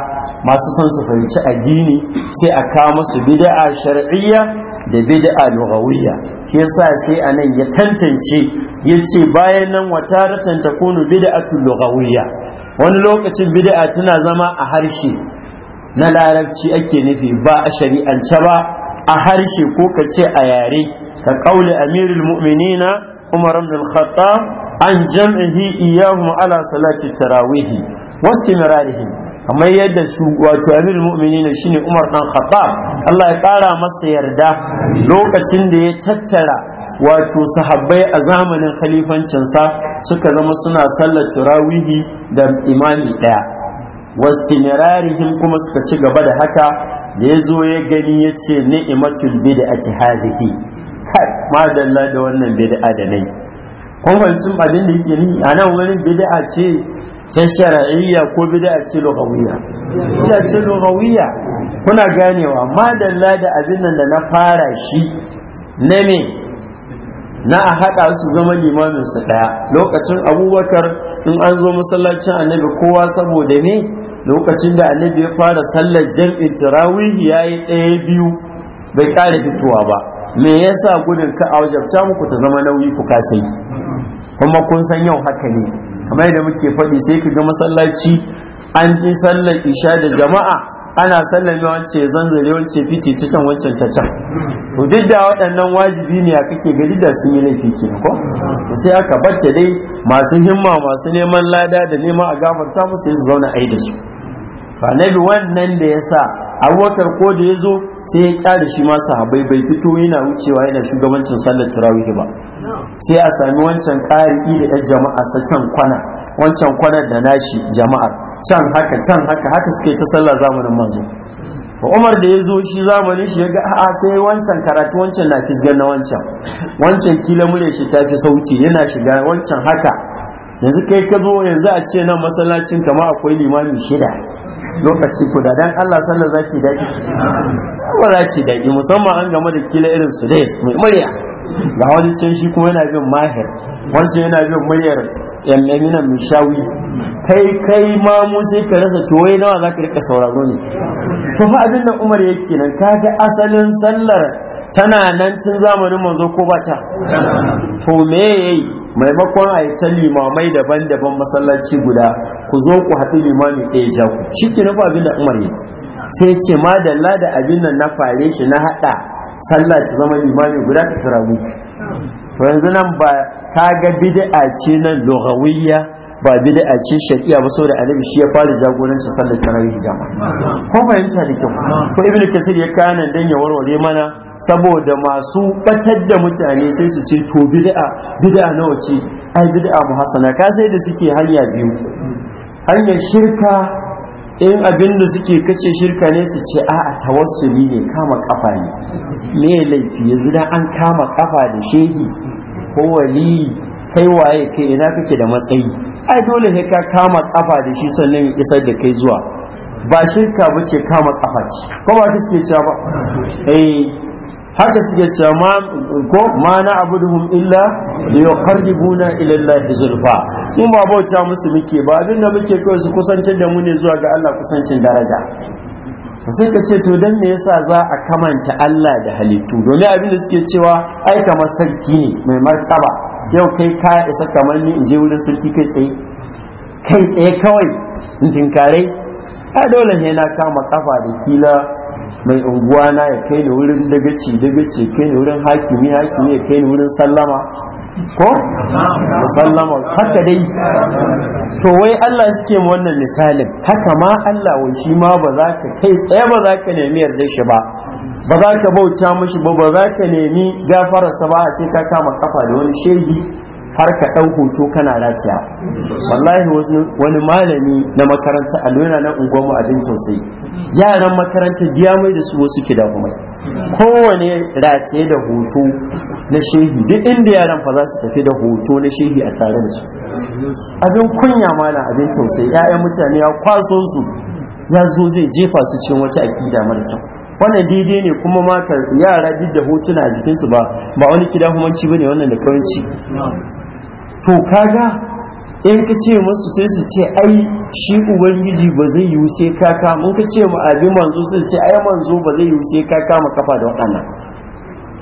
masu son su fahimci addini sai a kawo musu bid'a shar'iyya da bid'a lughawiyya shi yasa sai anan ya tantance yace bayan nan wata wataratan kunu bid'atu lughawiyya wani lokacin bid'a tana zama a harshe na larabci ake nufi ba a shari'ance ba a harshe ko ka ce a yare ka qauli amirul mu'minina umar ibn al-khattab an jam'ihi iyyahum ala salati tarawih wa kamar yadda su wato amir ne shine Umar dan Khattab Allah ya ƙara masa yarda lokacin da ya tattara wato sahabbai a zamanin khalifancinsa suka zama suna sallar turawihi da imami daya wastimirarihim kuma suka ci gaba da haka da ya zo ya gani ya ce ni'imatul bid'ati hadhihi kai madalla da wannan bid'a da nai kun sun abin da yake ni a nan wurin bid'a ce ta shar'iyya ko bid'a ce lugawiyya bid'a ce lugawiyya kuna ganewa ma da abin nan da na fara shi na me na a haɗa su zama limamin su ɗaya lokacin abubakar in an zo masallacin annabi kowa saboda ne lokacin da annabi ya fara sallar jam'in tarawihi ya yi ɗaya biyu bai ƙara fitowa ba me yasa gudun ka a wajabta muku ta zama nauyi ku kasai kuma kun san yau haka ne kamar yadda muke faɗi sai ka ga masallaci an ji sallar isha da jama'a ana sallar wance zanzare wance fice cikin wancan ta can to duk da waɗannan wajibi ne a kake gari da sun yi laifi ke ko sai aka batta dai masu himma masu neman lada da neman a gafarta musu sai su zauna ai da su annabi wannan da ya sa abubakar ko da ya zo sai ya kyara shi ma sahabai bai fito yana wucewa yana shugabancin sallar tarawih ba sai a sami wancan ƙari'i da 'yan sa can kwana wancan kwanar da nashi jama'a. can haka can haka haka suke ta sallah zamanin manzo umar da ya zo shi zamanin shi ya ga a'a sai wancan karatu wancan na fisgar na wancan wancan kila mure shi ta fi sauki yana shiga wancan haka yanzu kai ka zo yanzu a ce nan masallacin kama akwai limami shida lokaci guda dan Allah sallar zaki daki sallar daki musamman an game da kila irin su da mai murya ga can shi kuma yana bin mahir wancan yana bin muryar yallamina mishawi kai kai ma mu sai ka rasa to wai nawa zaka rika sauraro ne to fa abin da Umar yake nan kaga asalin sallar tana nan tun zamanin manzo ko ta to me yayi maimakon a yi ta limamai daban-daban masallaci guda ku zo ku haɗu limami ɗaya ja ku shi ke nufa abin da Umar yi sai ce ma da abin nan na fare shi na haɗa sallah ta zama limami guda ta tarawu to yanzu nan ba ta ga bid'a ce nan lughawiyya ba bid'a ce shari'a ba saboda annabi shi ya fara jagoranci sallar tarawih jama'a ko fahimta da kyau ko ibnu kasir ya kana dan ya warware mana saboda masu batar da mutane sai su ce to bid'a bid'a nawa ce ai bid'a muhassana ka sai da suke hanya biyu hanyar shirka in abin da suke kace shirka ne su ce a'a tawassuli ne kama kafa ne me laifi yanzu dan an kama kafa da shehi ko wali kai waye kai ina kake da matsayi ai dole sai ka kama kafa da shi sannan isar da kai zuwa ba shirka bace kama kafa ce ko ba ta ce ba eh haka suke cewa ko ma na abuduhum illa da yuqarribuna ila Allah zulfa mu ba bauta musu muke ba abin da muke kawai su kusantar da mu ne zuwa ga Allah kusancin daraja sai ka ce to dan me yasa za a kamanta Allah da halittu domin abin da suke cewa ai kamar sarki ne mai martaba yau kai ka isa kamar ni in je wurin sarki kai tsaye kai tsaye kawai in tinkarai a dole ne na kama kafa da kila mai unguwa na ya kai ni wurin dagaci dagaci kai ni wurin hakimi hakimi ya kai ni wurin sallama ko sallama haka dai to wai Allah suke mu wannan misalin haka ma Allah wa shi ma ba za ka kai tsaye ba za ka nemi yarda shi ba ba za ka bauta mashi ba ba za ka nemi gafararsa ba sai ka kama kafa da wani shehi har ka ɗau hoto kana ratiya wallahi wani malami na makaranta a na mu abin tausayi yaran makarantar biya mai da su wasu mai kowane rataye da hoto na shehi duk inda yaran fa za su tafi da hoto na shehi a tare da su abin kunya mana abin tausayi ya'yan mutane ya kwaso su ya zo zai jefa su cin wata akida mara kyau wannan daidai ne kuma mata yara duk da hotuna a jikinsu ba ba wani kidahumanci ne wannan da kawanci to kaga in ka ce masu sai su ce ai shi ubangiji ba zai yiwu sai ka kama in ka ce ma abin manzo su ce ai manzo ba zai yiwu sai ka kama kafa da waɗannan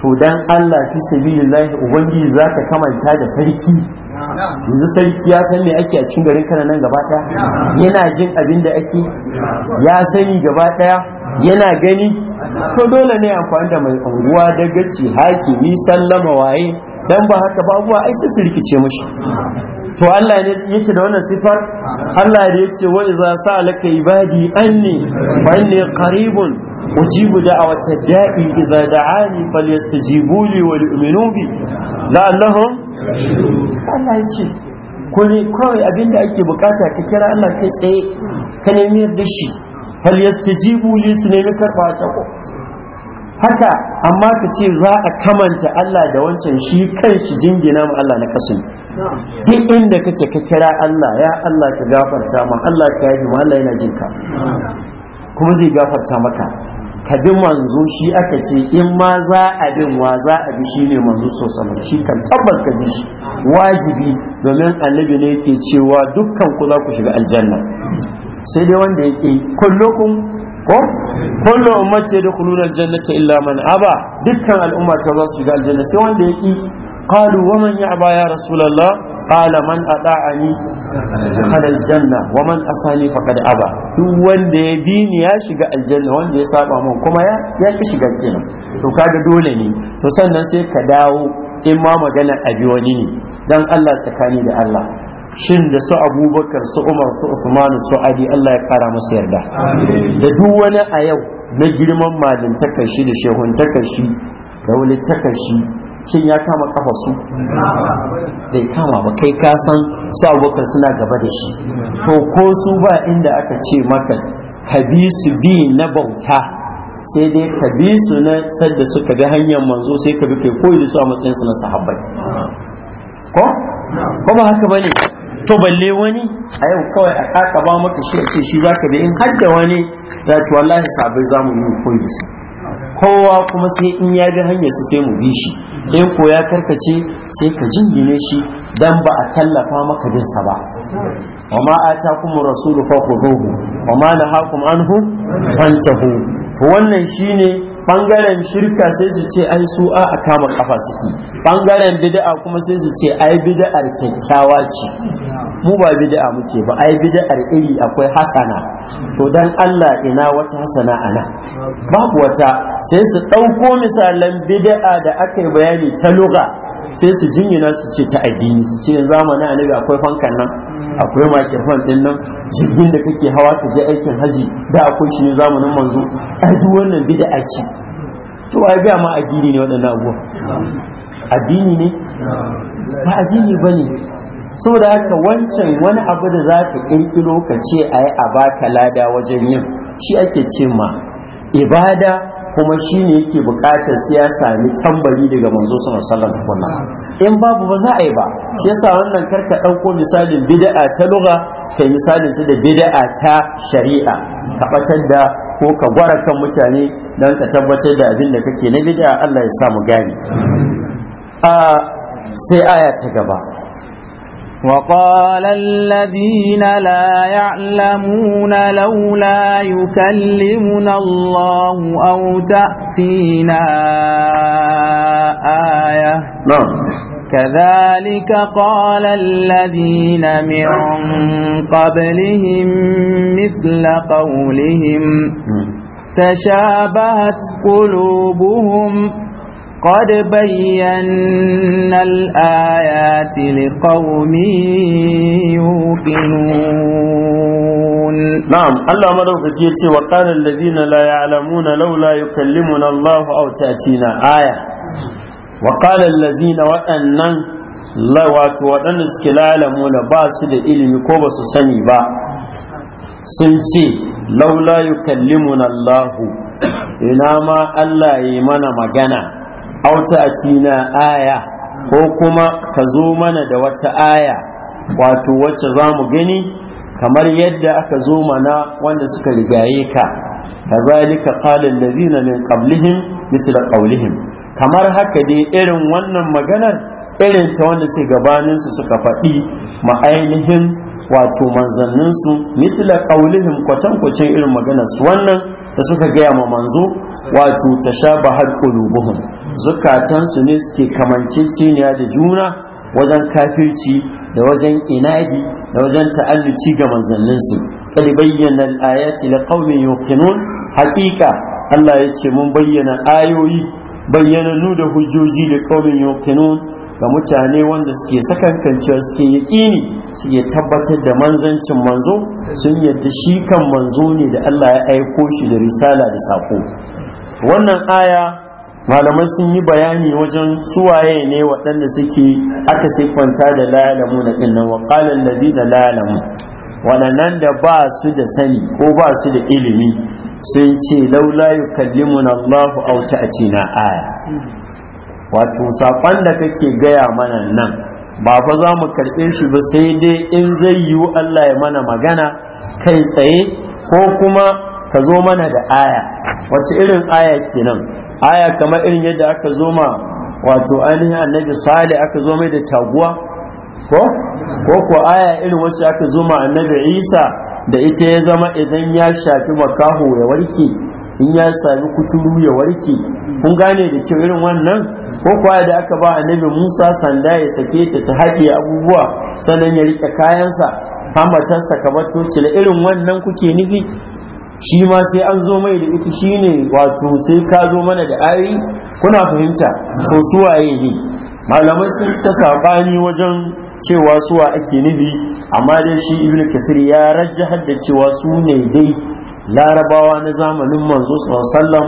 to dan Allah fi sabilillahi ubangiji zaka kamanta da sarki yanzu sarki ya san me ake a cikin garin kana nan gaba ɗaya? yana jin abin da ake ya sani gaba ɗaya? yana gani Ko dole ne amfani da mai unguwa dagaci hakimi sallama waye dan ba haka ba abuwa ai sai su rikice mashi to Allah ne yake da wannan sifar Allah da yace wa iza sa'alaka ibadi anni fa inni qaribun ujibu da'wata da'i iza da'ani falyastajibu li wa yu'minu bi la'allahum Allah yace kuri kawai abinda ake bukata ka kira Allah kai tsaye ka nemi yarda shi falyastajibu li su nemi karba ta haka amma ka ce za a kamanta Allah da wancan shi kan shi jingina ma Allah na kasin duk inda kake ka kira Allah ya Allah ka gafarta ma Allah ka yi ma Allah yana jinka kuma zai gafarta maka ka bi manzo shi aka ce in ma za a bin wa za a bi shi ne manzo sosai shi kan tabbar ka bi shi wajibi domin annabi ne yake cewa dukkan ku za ku shiga aljanna sai dai wanda yake kullukum ko kullu ummati yadkhuluna aljannata illa man aba dukkan al'umma ta za su ga aljanna sai wanda ya ki qalu wa man ya'ba ya rasulullah qala man ata'ani dakhala aljanna wa man asani faqad aba duk wanda ya bi ni ya shiga aljanna wanda ya saba mun kuma ya ya ki shiga kenan to kaga dole ne to sannan sai ka dawo in ma magana abi wani ne dan Allah tsakani da Allah shin da su abubakar su umar su usmanu su ali allah ya kara musu yarda da duk wani a yau na girman malin takashi da shehun takashi da wani takashi shin ya kama kafa su bai kama ba kai ka san su abubakar suna gaba da shi to ko su ba inda aka ce maka ka bi su bi na bauta sai dai ka bi su na sadda suka bi hanyar manzo sai ka bi kai koyi da su a matsayin su na sahabbai ko ba haka bane to balle wani a yau kawai a kaka ba maka shi a ce shi za ka bi in har da wani za ta wallahi sabai za mu yi koyi su kowa kuma sai in ya ga hanyar su sai mu bi shi in ko ya karkace sai ka jingine shi dan ba a tallafa maka bin sa ba وما kuma الرسول wa وما نهاكم anhu فانتهوا to wannan shine bangaren shirka sai su ce ai su a kama kafa suke bangaren bid'a kuma sai su ce ai bid'ar kyakkyawa ce mu ba bid'a muke ba ai bid'ar iri akwai hasana to dan Allah ina wata hasana ana babu wata sai su ɗauko misalan bid'a da aka yi bayani ta lugha sai su jinyina su ce ta addini su ce zamanin annabi akwai fankan nan akwai makirfan din nan jirgin da kake hawa ka je aikin haji da akwai shi ne zamanin manzo a duk wannan bid'a ci to ai biya ma addini ne waɗannan A addini ne ba addini bane saboda haka wancan wani abu da za ka kirkiro ka ce yi a baka lada wajen yin shi ake ce ma ibada kuma shi ne yake bukatar sai ya sami tambari daga manzo sallallahu alaihi wasallam in babu ba za a yi ba shi yasa wannan karka ɗauko misalin bid'a ta lugha kai misalin ta da bid'a ta shari'a ka batar da ko ka gwara kan mutane don ka tabbatar da abin da kake na bid'a Allah ya sa mu gane sai aya ta gaba وقال الذين لا يعلمون لولا يكلمنا الله أو تأتينا آية نعم كذلك قال الذين من قبلهم مثل قولهم تشابهت قلوبهم قد بينا الآيات لقوم يوقنون نعم الله مدوك كيتي وقال الذين لا يعلمون لولا يكلمنا الله أو تأتينا آية وقال الذين وأنن لا wato waɗanda suke lalamu da ba su da ilimi ko ba su sani ba sun ce laula yukallimuna Allahu ina ma Allah yi mana magana auta atina aya ko kuma ka zo mana da wata aya wato wacce za mu gani kamar yadda aka zo mana wanda suka rigaye ka kazalika qala allazina min qablihim misla qawlihim kamar haka dai irin wannan maganar irin ta wanda su gabaninsu suka faɗi ma ainihin wato manzanninsu mitila ƙaulihim kwatankwacin irin su wannan da suka gaya ma manzo wato ta sha bahar ƙulubuhun zukatansu ne suke kamanceceniya da juna wajen kafirci da wajen inadi da wajen ta'alluci ga manzanninsu Kada bayyana al-ayati liqaumin yuqinun haqiqa Allah ya ce mun bayyana ayoyi nu da hujjoji da qaumin yuqinun ga mutane wanda suke sakankancewa suke yaƙini suke tabbatar da manzancin manzo sun yadda shi kan manzo ne da Allah ya aiko shi da risala da saƙo. wannan aya malamai sun yi bayani wajen suwaye ne waɗanda suke aka siffanta da lalamu na ɗinnan wa ƙalan da lalamu waɗannan da ba su da sani ko ba su da ilimi sun ce laula na Allahu ce na aya wato saƙon da kake gaya mana nan ba fa za mu karɓe shi ba sai dai in zai yiwu Allah ya mana magana kai tsaye ko kuma ka zo mana da aya Wasu irin aya kenan aya kamar irin yadda aka zo ma wato ainihin annabi sale aka zo mai da taguwa ko ko ko aya irin wacce aka zo ma annabi isa da ita ya zama idan ya shafi makaho ya warke in ya sami kuturu ya warke kun gane da kyau irin wannan ko kuwa da aka ba annabi musa sanda ya sake ta ta haɗe abubuwa sannan ya riƙe kayansa hamatarsa kamar tocila irin wannan kuke nufi shi ma sai an zo mai da ita shi ne wato sai ka zo mana da ayi kuna fahimta to suwaye ne malamai sun ta sabani wajen cewa suwa ake nufi amma dai shi Ibn kasir ya rajja da cewa su ne dai larabawa na zamanin manzo sallam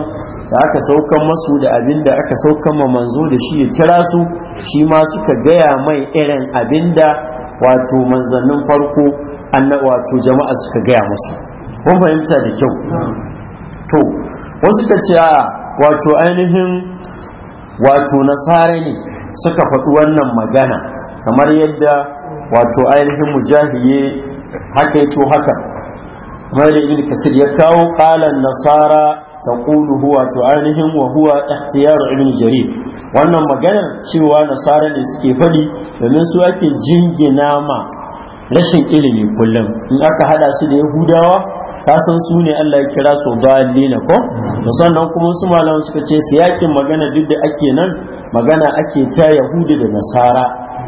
da aka saukan masu da abin da aka saukan ma manzo da shi ya kira su shi ma suka gaya mai irin abinda, da wato manzannin farko anna wato jama'a suka gaya masu. kun fahimta da kyau to wasu suka ce wato ainihin wato nasara ne suka faɗi wannan magana kamar yadda wato ainihin mujahiye haka ya haka kamar da ibn kasir ya kawo ƙalan nasara taqulu huwa to ainihin wa huwa ihtiyar ibn jarir wannan maganar cewa nasara ne suke faɗi domin su ake jingina ma rashin ilimi kullum in aka hada su da yahudawa ka san su ne Allah ya kira su dalila ko to sannan kuma su malaman suka ce siyakin magana duk da ake nan magana ake ta yahudi da nasara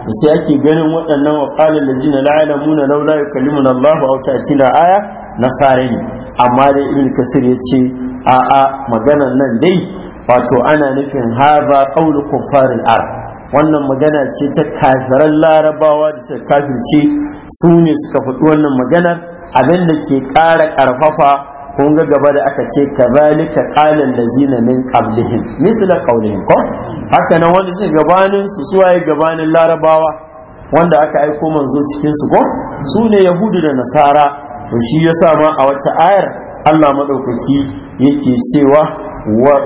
da sai ake ganin waɗannan wa qala allazina la ya'lamuna law la yukallimuna Allah aw ta'tina aya nasara ne amma dai ibn kasir yace a a maganan nan dai wato ana nufin hadha qawlu kuffaril arab wannan magana ce ta kafiran larabawa da suka kafirce su suka faɗi wannan maganar abin da ke ƙara ƙarfafa kun ga gaba da aka ce ka kazalika da zina min ƙablihin mithla ƙaunin ko haka nan wanda suka gabanin su gabanin larabawa wanda aka aiko manzo cikin su ko su ne yahudu da nasara to shi yasa ma a wata ayar Allah maɗaukaki yake cewa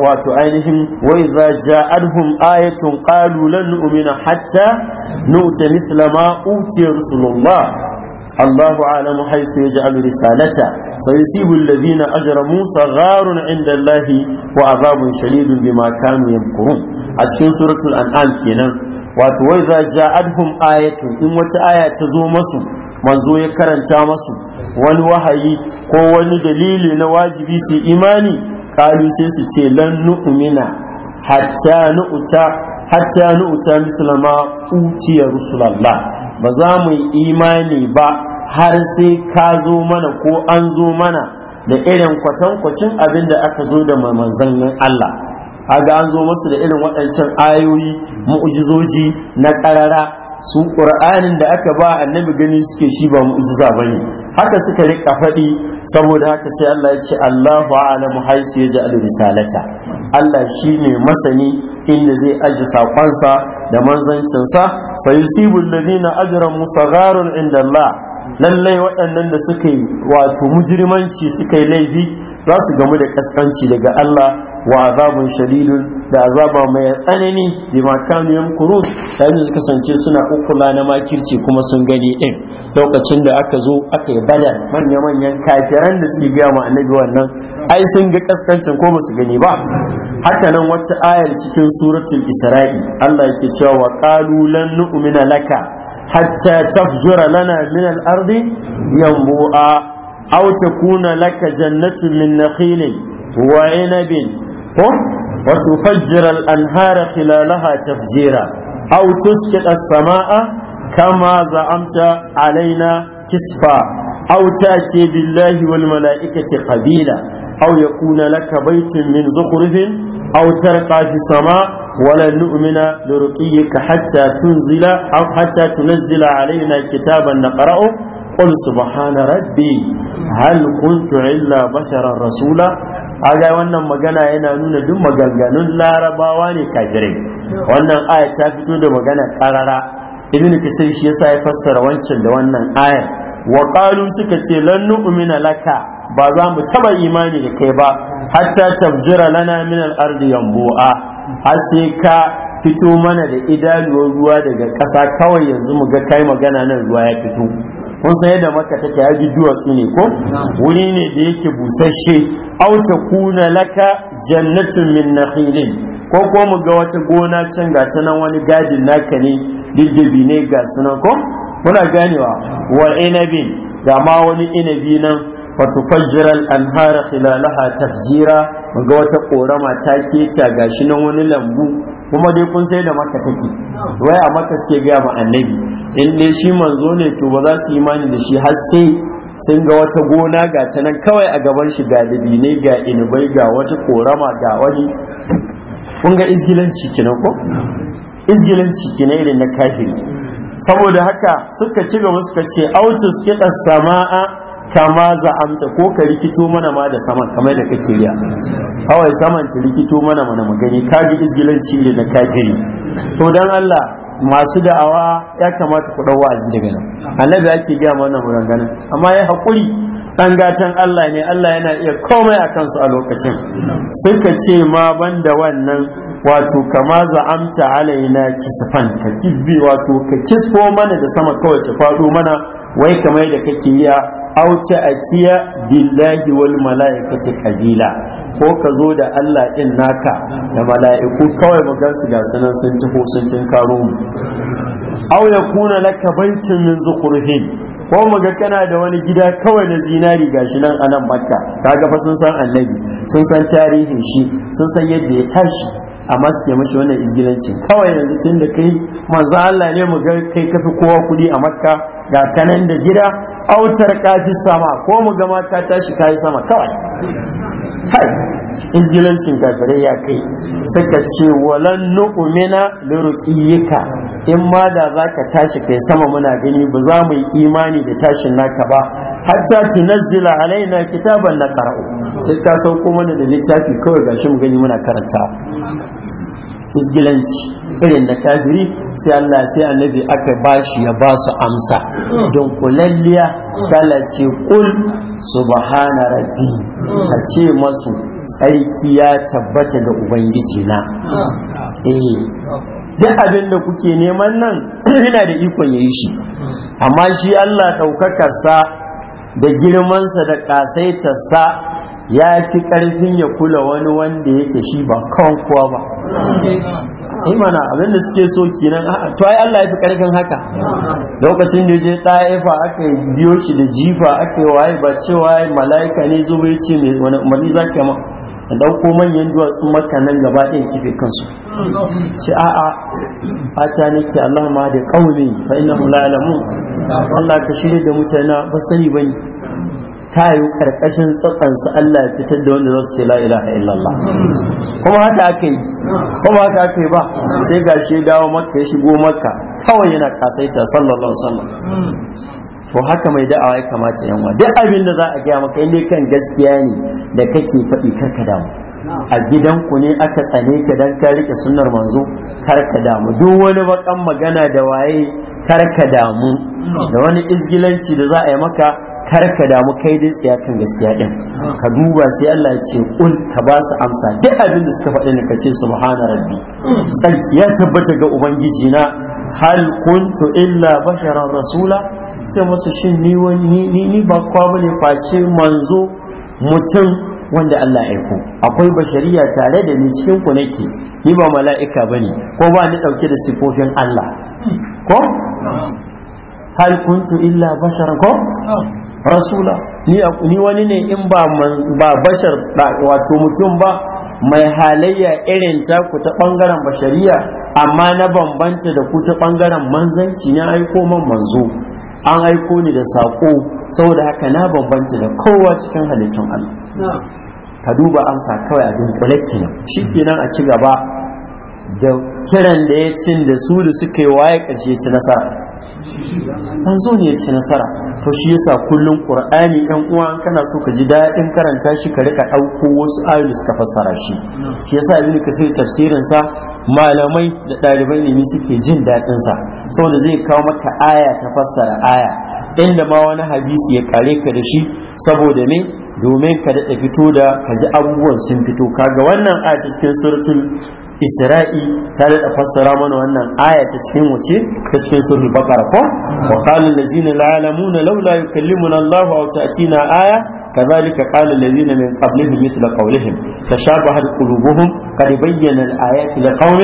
wato ainihin za ja ja'adhum ayatun qalu lan hatta nu'ta mislama ma sulullah الله أعلم حيث يجعل رسالته فيصيب الذين أجرموا صغار عند الله وعذاب شديد بما كانوا يمكرون أتشين سورة الأنعام كينا وإذا جاءتهم آية إن آية تزومسوا manzo ya karanta masu wani wahayi ko wani dalili na wajibi su imani kalu sai su ce lan nu'mina hatta nu'ta hatta nu'ta mislama utiya rusulallah ba za mu yi imani ba har sai ka zo mana ko an zo mana da irin kwatankwacin abin da aka zo da manzan Allah ga an zo masu da irin waɗancan ayoyi mu'ujizoji na ƙarara su ƙur'anin da aka ba annabi gani suke shi ba mu'ujiza ne. haka suka riƙa faɗi saboda haka sai Allah ya ce Allahu a'lamu haisu alu risalata Allah shi ne masani inda zai aji saƙonsa da manzancinsa sa yusibul ladina ajramu sagharun inda Allah lallai waɗannan da suka yi wato mujrimanci suka yi laifi za su gamu da kaskanci daga Allah wa azabun shadidun da azaba mai tsanani bi ma kanu yamkurun sai kasance suna ukula na makirci kuma sun gani din lokacin da aka zo aka yi badar manya manyan kafiran da suke ga ma annabi wannan ai sun ga kaskancin ko ba su gani ba haka nan wata ayar cikin suratul isra'i Allah yake cewa wa qalu lan nu'mina laka hatta tafjura lana min al-ardi yanbu'a aw kuna laka jannatu min nakhilin na bin? ko wa tufajjira al-anhara khilalaha tafjera. aw tusqita as-samaa kama za'amta alaina kisfa aw ce billahi wal mala'ikati qabila aw yakuna laka baytun min zukhrifin aw tarqa fi samaa ولن نؤمن لرقيك حتى تنزل أو حتى تنزل علينا كتابا قل subhana ربي هل كنت illa بشرا rasula aga wannan magana yana nuna duk maganganun larabawa ne kafirai wannan aya ta fito da magana karara ibn kasir shi yasa ya fassara wancan da wannan ayar wa qalu suka ce lan nu'mina laka ba za mu taba imani da kai ba hatta tabjira lana min al-ardi yanbu'a har sai ka fito mana da idanuwar ruwa daga ƙasa kawai yanzu mu ga kai magana nan ruwa ya fito kun san da maka take ya duwatsu ne ko wuri ne da yake busasshe au ta kuna laka jannatun min nakhilin ko ko mu ga wata gona can ga ta nan wani gadin naka ne diddibi ne ga sunan ko muna ganewa wa inabin da ma wani inabi nan fatufajjir al-anhara khilalaha tafjira mu ga wata korama ta keta gashi nan wani lambu kuma dai kun sai da maka take waya maka suke gaya ma annabi in dai shi manzo ne to ba za su yi imani da shi har sai sun ga wata gona ga ta nan kawai a gaban shi ga dabinai ga inubai ga wata korama ga wani kun ga izgilanci kenan ko izgilanci kenan irin na kafiri saboda haka suka ci gaba suka ce autus kiɗa sama'a kama za'amta ko ka rikito mana ma da saman kamar da kake riya kawai saman ta rikito mana mana magani kaji izgilanci ne na kafiri to dan Allah masu da'awa ya kamata ku dau wa'azi daga nan annabi ake gaya mana mu amma ya hakuri dan gatan Allah ne Allah yana iya komai a kansu a lokacin suka ce ma banda wannan wato kama za'amta alaina kisfan ka kibbi wato ka kisfo mana da sama kawai ta faɗo mana wai kamar da kake yi aw ta'tiya billahi wal malaikati kabila, ko ka zo da Allah din naka da mala'iku kawai mu gansu ga sanan sun taho sun karo mu aw kuna laka baitun min zukhruhin ko mu ga kana da wani gida kawai na zinari gashi nan a nan makka kaga fa sun san annabi sun san tarihin shi sun san yadda ya tashi a maske mashi wannan izgilancin kawai yanzu tun da kai manzo Allah ne mu ga kai kafi kowa kudi a makka ga kanan da gida autar kafi sama ko mu ga mata tashi kayi sama kawai hai izgilancin kafirai ya kai suka ce walan nu'mina liruqiyika in ma da zaka tashi kai sama muna gani ba za mu yi imani da tashin naka ba hatta tunazzila alaina kitaban na qara'u sai ka sauko mana da littafi kawai gashi mu gani muna karanta izgilanci irin da kafiri sai Allah sai annabi aka bashi ya ba su amsa don kulalliya kala ce kul subhana rabbi a ce masu tsarki ya tabbata da ubangiji na eh duk abin da kuke neman nan yana *clears throat* da ikon yayi shi amma shi Allah ɗaukakarsa da girmansa da ƙasaitarsa ya fi ƙarfin ya kula wani wanda yake shi ba kawan kowa ba eh mana abin da suke so kenan to ai Allah ya fi ƙarfin haka lokacin da je ɗa'ifa aka biyo shi da jifa aka waye ba cewa mala'ika ne zo bai ce mai wani umarni za ka ma a ɗauko manyan duwatsun maka nan gaba ɗaya kife kansu ce a'a fata nake Allah ma da ƙaunin fa hula la Allah ka shirya da mutane ba sani ne. ta yi karkashin tsatsansa Allah ya fitar da wanda za su ce la ilaha illallah kuma haka aka yi kuma haka aka ba sai ga shi dawo makka ya shigo makka kawai yana kasaita sallallahu sallam to haka mai da'awa ya kamata yan duk abin da za a gaya maka inda kan gaskiya ne da kake faɗi karka damu a gidan ku ne aka tsane ka dan ka rike sunnar manzo karka damu duk wani bakan magana da waye karka damu da wani izgilanci da za a yi maka kar ka damu kai dai tsaya kan gaskiya din ka duba sai Allah ya ce kul ka ba su amsa duk abin da suka faɗi ne ka ce subhana rabbi tsarki ya tabbata ga ubangiji na hal kuntu illa basharan rasula ce musu shin ni wani ni ba kwa bane face manzo mutum wanda Allah ya aiko akwai bashariya tare da ni cikin ku nake ni ba mala'ika bane ko ba ni dauke da sifofin Allah ko hal kuntu illa basharan ko rasula ni wani ne in ba bashar wato mutum ba mai halayya irin ta ku ta bangaren bashariya amma na bambanta da ku ta bangaren manzanci na aiko man manzo an aiko ni da saƙo saboda haka na bambanta da kowa cikin halittun Allah ka duba amsa kawai a dunkule kenan shikenan a ci gaba da kiran da ya cin da su da suka yi waye ƙarshe ci nasara manzo ne ya ci nasara to shi yasa kullum qur'ani ɗan uwa kana so ka ji daɗin karanta shi ka rika ɗauko wasu ayoyi suka fassara shi shi yasa ibn sai tafsirin sa malamai da ɗalibai ne suke jin daɗin sa saboda zai kawo maka aya ta fassara aya inda ma wani hadisi ya kare ka da shi saboda me domin ka daɗa fito da ka ji abubuwan sun fito kaga wannan a cikin suratul isra'i ta da fassara mana wannan aya ta cikin wuce ta cikin surul bakara ko wa qala allazina la ya'lamuna laula yukallimuna Allahu aw ta'tina aya كذلك قال الذين من قبلهم مثل قولهم تشابهت قلوبهم قد بين الآيات لقوم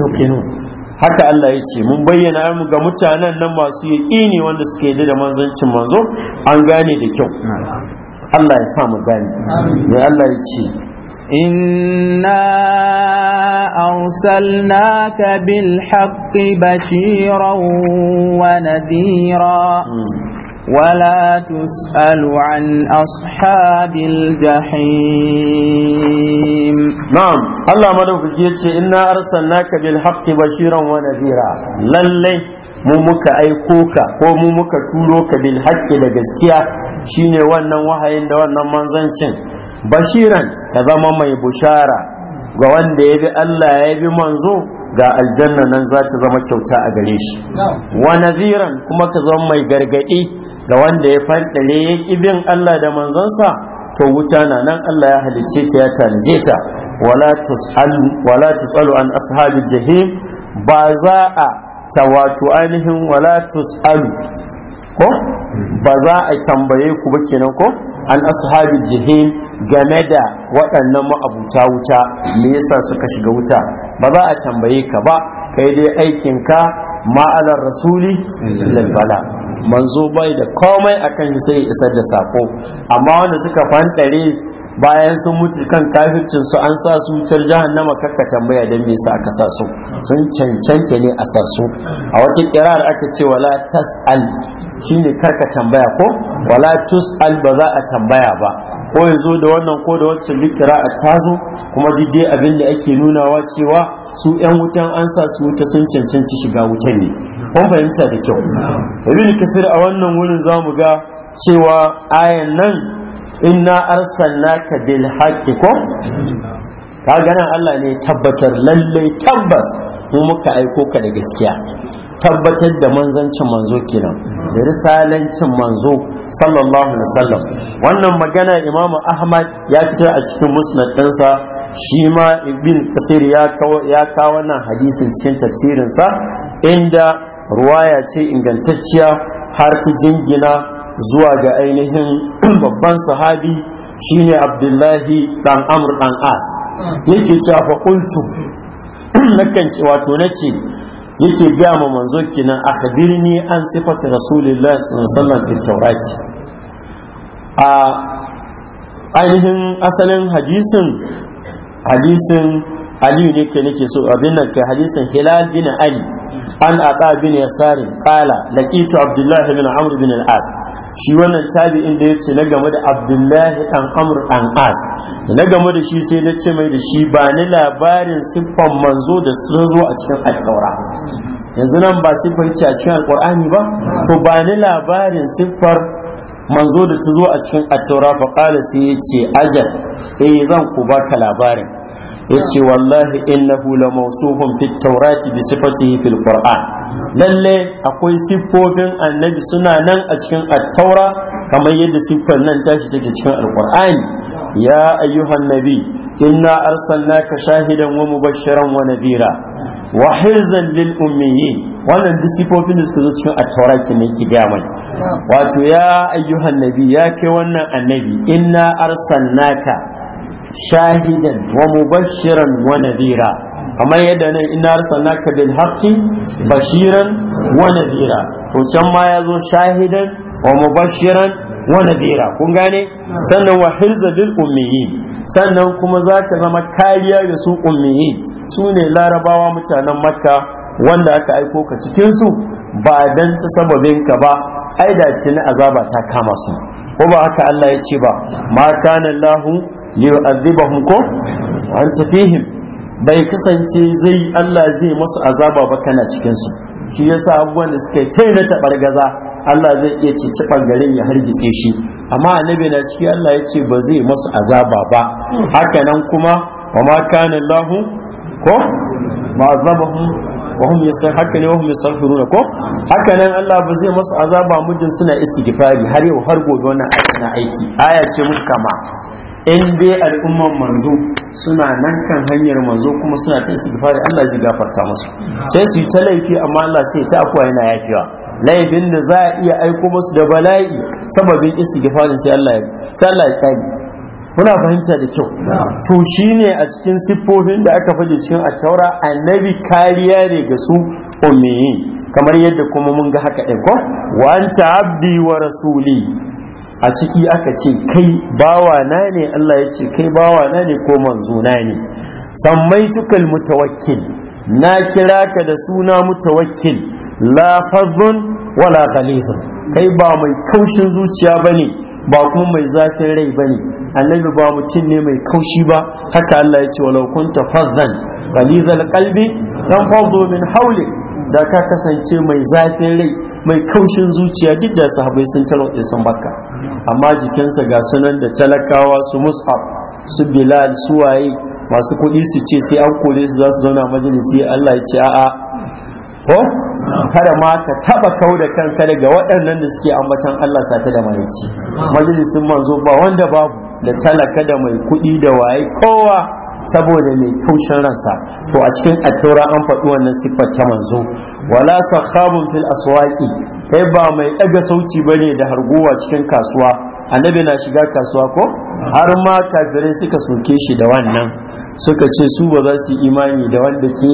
يوقنون haka Allah ya ce mun bayyana mu ga mutanen nan masu yaƙini wanda suke yi da manzancin manzo an gane da kyau Allah ya sa mu gane ya Allah ya إنا أرسلناك بالحق بشيرا ونذيرا ولا تسأل عن أصحاب الجحيم نعم الله ملوك يتشي إنا أرسلناك بالحق بشيرا ونذيرا للي ممك أيقوك وممك تولوك بالحق لجسكيا shine wannan wahayin da wannan manzancin bashiran ka zama mai bushara ga wanda ya bi Allah ya bi manzo ga aljanna nan za ta zama kyauta a gare shi wa naziran kuma ka zama mai gargadi ga wanda ya fantale ya bin Allah da manzonsa to wuta na nan Allah ya halicce ta ya tanje ta wala tusalu an ashabi jahim ba za a ta wato ainihin wala tusalu ko ba za a tambaye ku ba kenan ko an ashabi jihim game da waɗannan ma'abuta wuta me yasa suka shiga wuta ba za a tambaye ka ba kai dai aikin ka ma'alar rasuli lalbala manzo bai da komai akan sai isar da sako amma wanda suka fanɗare bayan sun mutu kan kafircin su an sa su wutar jahannama kakka tambaya don me yasa aka sa su sun cancanta ne a sa su a wata kirar aka ce wala tas'al shine karka tambaya ko wala tus'al ba za a tambaya ba ko yanzu da wannan ko da wancan likira a tazo kuma duk dai abin da ake nunawa cewa su yan wutan an sa su wuta sun cancanci shiga wutan ne kun fahimta da kyau ibn kasir a wannan wurin za mu ga cewa ayan nan inna arsalnaka bil haqqi ko ka ganin Allah ne tabbatar lallai tabbas mu muka aiko ka da gaskiya tabbatar da manzancin manzo kenan da risalancin manzo sallallahu alaihi wasallam wannan magana imam ahmad ya fitar a cikin musnad ɗinsa shi ma ibn kasir ya kawo ya kawo wannan hadisin cikin tafsirin sa inda ruwaya ce ingantacciya har ta jingina zuwa ga ainihin *clears throat* babban sahabi shine abdullahi dan amr dan as yake cewa fa qultu *clears throat* nakan ce wato nace yake gaya ma manzo kenan akhbirni an sifata rasulillahi sallallahu alaihi wasallam a ainihin asalin hadisin hadisin ali ne ke nake so abin nan kai hadisin hilal bin ali an aqa bin yasari qala laqitu abdullahi bin amr bin al-as shi wannan tabi'in da ya ce na game da abdullahi dan amr dan as na game da shi sai na ce mai da shi ba ni labarin siffan manzo da sun zo a cikin alkawara yanzu nan ba siffar ce a cikin alkur'ani ba to ba ni labarin siffar manzo da ta zo a cikin attaura fa qala sai ya ce ajal eh zan ku baka labarin yace wallahi innahu la mawsuhum fit tawrati bi sifatihi fil qur'an lalle akwai siffofin annabi suna nan a cikin at-taura kamar yadda siffar nan tashi take cikin al-qur'ani ya ayyuhan nabi inna arsalnaka shahidan wa mubashiran wa nadira wa hirzan lil ummiyin wannan duk siffofin da suka zo cikin at-taura kenan ki ga mai wato ya ayyuhan nabi ya kai wannan annabi inna arsalnaka shahidan wa mubashiran wa nadira kamar yadda nan ina arsalnaka bil haqqi bashiran wa nadira to can ma yazo shahidan wa mubashiran wa nadira kun gane sannan wa hirza sannan kuma zata zama kariya da su ummiyin sune larabawa mutanen makka wanda aka aiko ka cikin su ba dan ta sababin ka ba ai da tuni azaba ta kama su ko ba haka Allah ya ce ba ma kana Allahu liyu'adhibahum ko wa anta fihim bai kasance zai Allah zai masu azaba ba kana cikin su shi yasa abubuwan da suka yi na gaza, Allah zai iya cici garin ya hargitse shi amma annabi na ciki Allah ya ce ba zai masu azaba ba haka nan kuma wa ma kana Allah ko azabahum wa hum yasar haka ne wa hum yastaghfiruna ko haka nan Allah ba zai masu azaba mujin suna istighfari har yau har gobe wannan aiki na aiki aya ce ma in dai al'ummar manzo suna nan kan hanyar manzo kuma suna ta istighfari Allah zai gafarta musu sai su yi ta laifi amma Allah sai ta akwa yana yafewa laifin da za a iya aiko masu da bala'i sababin istighfarin sai Allah ya sai Allah ya kai muna fahimta da kyau to shine a cikin siffofin da aka faɗi cikin attaura annabi kariya ne ga su ummiyin kamar yadda kuma mun ga haka ɗin ko Wanta abdi wa rasuli a ciki aka ce kai bawa na ne Allah ya ce kai bawa na ne ko manzo na ne tukal mutawakkil na kira ka da suna mutawakkil la fazzun wala ghalizun kai ba mai kaushin zuciya bane ba kuma mai zafin rai bane annabi ba mutum ne mai kaushi ba haka Allah ya ce walau kunta fazzan ghalizal qalbi dan fadhu min hawlik da ka kasance mai zafin rai mai kaushin zuciya duk da sahabai sun da sun baka amma jikinsa ga sunan da talakawa su mus'ab su bilal su waye masu kuɗi su ce sai an kore su za su zauna majalisi Allah ya ce a'a ko kada ma ka taba kau da kanka daga waɗannan da suke ambatan Allah saka da maraici majalisin manzo ba wanda babu da talaka da mai kuɗi da waye kowa saboda mai kaushin ransa to a cikin attaura an faɗi wannan siffar ta manzo wala sakhabun fil aswaqi kai ba mai ɗaga sauti bane da harguwa cikin kasuwa annabi na shiga kasuwa ko har ma kafirai suka soke shi da wannan suka ce su ba za su yi imani da wanda ke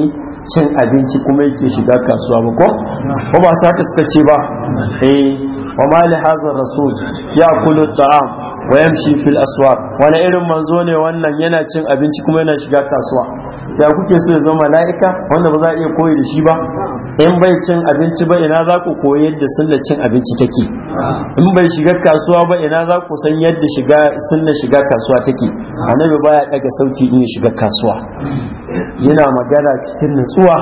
cin abinci kuma yake shiga kasuwa ba ko ko ba sa suka ce ba eh wa mali hazar rasul ya kulu ta'am wa yamshi fil aswaq wani irin manzo ne wannan yana cin abinci kuma yana shiga kasuwa ya kuke so ya zama mala'ika wanda ba za a iya koyi da shi ba in bai cin abinci ba ina za ku koyi yadda sunna cin abinci take in bai shiga kasuwa ba ina za ku san yadda shiga sunna shiga kasuwa take annabi baya daga sauti in ya shiga kasuwa yana magana cikin nutsuwa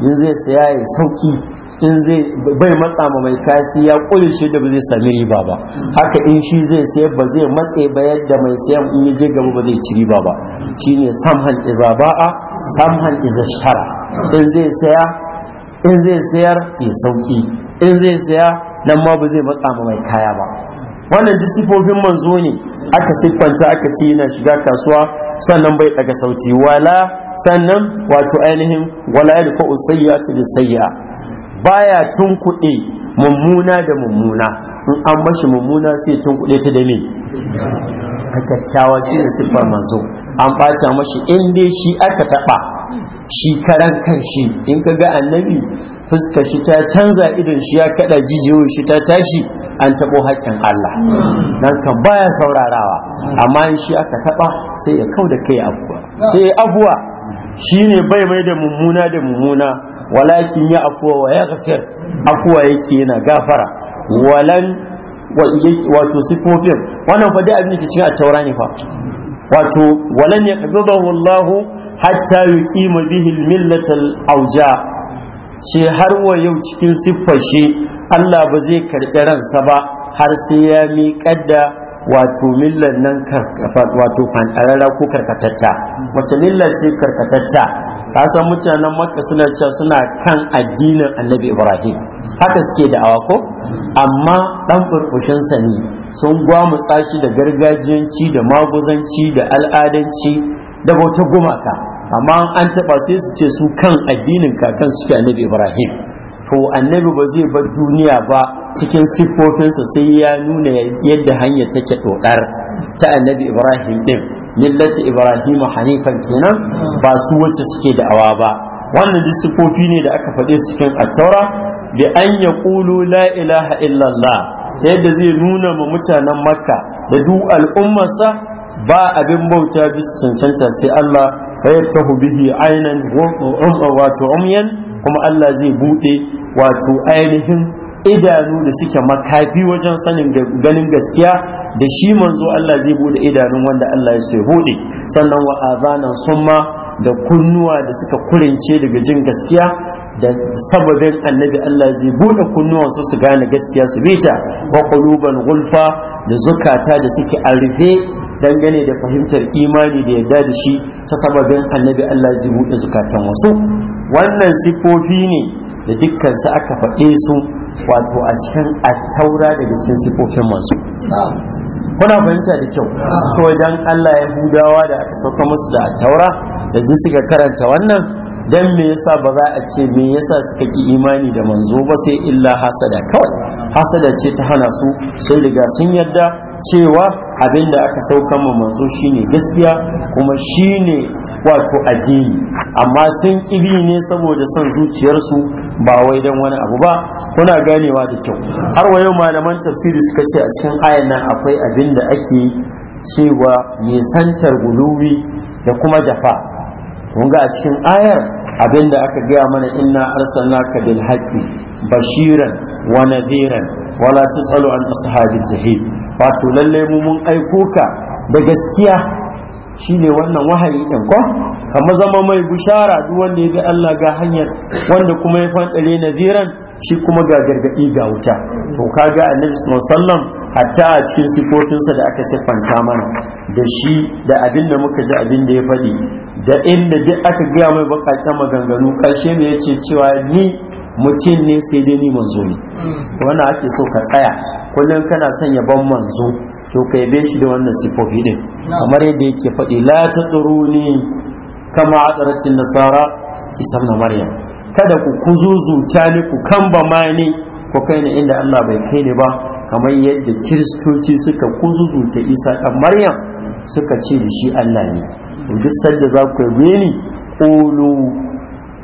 in zai saya ya sauki in zai bai matsa ma mai kasi ya kule shi da ba zai sami riba ba haka in shi zai sayar ba zai matse ba yadda mai sayan in yi je gaba ba zai ci riba ba shine samhan iza ba'a samhan iza shara in zai saya in zai sayar ya sauki in zai saya nan ma ba zai matsa ma mai kaya ba wannan duk sifofin manzo ne aka siffanta aka ce yana shiga kasuwa sannan bai daga sauti wala sannan wato ainihin wala yadfa usayya ta bisayya baya kuɗe mummuna da mummuna in an mashi mummuna sai tun kuɗe ta da me a kyakkyawa sai da siffar manzo an ɓata mashi in dai shi aka taɓa shi karan kan shi in ka ga annabi fuska shi ta canza idan shi ya kaɗa jijiyoyi, shi ta tashi an taɓo haƙƙin Allah dan kan baya saurarawa amma in shi aka taɓa, sai ya kau da kai abuwa sai abuwa shi ne bai mai da mummuna da mummuna walakin ya afuwa wa ya gafir afuwa yake yana gafara walan wato sifofin wannan fa dai abin da cikin attaura ne fa wato walan ya kabidahu Allah hatta yuqima bihi al-millata al-awja shi har wa yau cikin siffar shi Allah ba zai karɓi ransa ba har sai ya mi da wato millan nan wato fanɗararra ko karkatatta wato millan ce karkatatta ka san mutanen makka suna cewa suna kan addinin annabi ibrahim haka suke da ko amma dan furfushin ne sun gwamutsa shi da gargajiyanci da maguzanci da al'adanci da bauta gumaka amma an taɓa sai su ce su kan addinin kakan suke annabi ibrahim to annabi ba zai bar duniya ba cikin siffofinsa sai ya nuna yadda hanyar take ɗoɗar ta annabi ibrahim din millati ibrahim hanifan kenan ba su wacce suke da awa ba wannan duk sifofi ne da aka faɗe cikin attaura bi an yaqulu la ilaha illallah yadda zai nuna ma mutanen makka da duk al'ummarsa ba abin bauta bisa cancanta sai Allah fa yaftahu bihi aynan wato umyan kuma Allah zai bude wato ainihin idanu da suke makafi wajen sanin ganin gaskiya da shi manzo Allah zai bude idanun wanda Allah ya so ya bude sannan wa azanan summa da kunnuwa da suka kurince daga jin gaskiya da sababin annabi Allah zai bude kunnuwan su su gane gaskiya su bita wa quluban gulfa da zukata da suke arfe dangane da fahimtar imani da yadda da shi ta sababin annabi Allah zai bude zukatan wasu wannan sifofi ne da dukkan su aka faɗe su wato a cikin attaura daga cikin sifofin manzo kuna fahimta da kyau to dan Allah ya hudawa da aka sauka musu da attaura da ji suka karanta wannan dan me yasa ba za a ce me yasa suka ki imani da manzo ba sai illa hasada kawai hasada ce ta hana su sai daga sun yadda cewa abin da aka sauka ma manzo shine gaskiya kuma shine wato addini amma sun ƙibi ne saboda son zuciyarsu ba wai don wani abu ba kuna ganewa da kyau har wa yau malaman tafsiri suka ce a cikin ayan nan akwai abin da ake cewa santar guluwi da kuma dafa kun ga a cikin ayar abin da aka gaya mana inna ka bil haqqi bashiran wa nadhiran wala tusalu an ashabil jahim wato lalle mu mun aiko ka da gaskiya Shi ne wannan wahayi din ko kamar zama mai bushara duk wanda ya bi Allah ga hanyar wanda kuma ya fantsare naziran shi kuma ga gargadi ga wuta to kaga annabi sallallahu hatta a cikin sifofinsa da aka siffanta mana da shi da abin da muka ji abin da ya faɗi da inda duk aka gaya mai bukatan maganganu ƙarshe ne yace cewa ni mutum ne sai dai ni manzo ne mm. wanda ake so ka tsaya kullum kana son ban manzo to ka bai shi da wannan sifofi din kamar yadda yake faɗi la ta ne kama adaratin nasara isa na maryam kada ku ta ni ku kamba ne, ku kai ni inda Allah bai kai ni ba kamar yadda kiristoci suka ta isa ɗan maryam suka ce da shi Allah ne duk sanda za ku ni qulu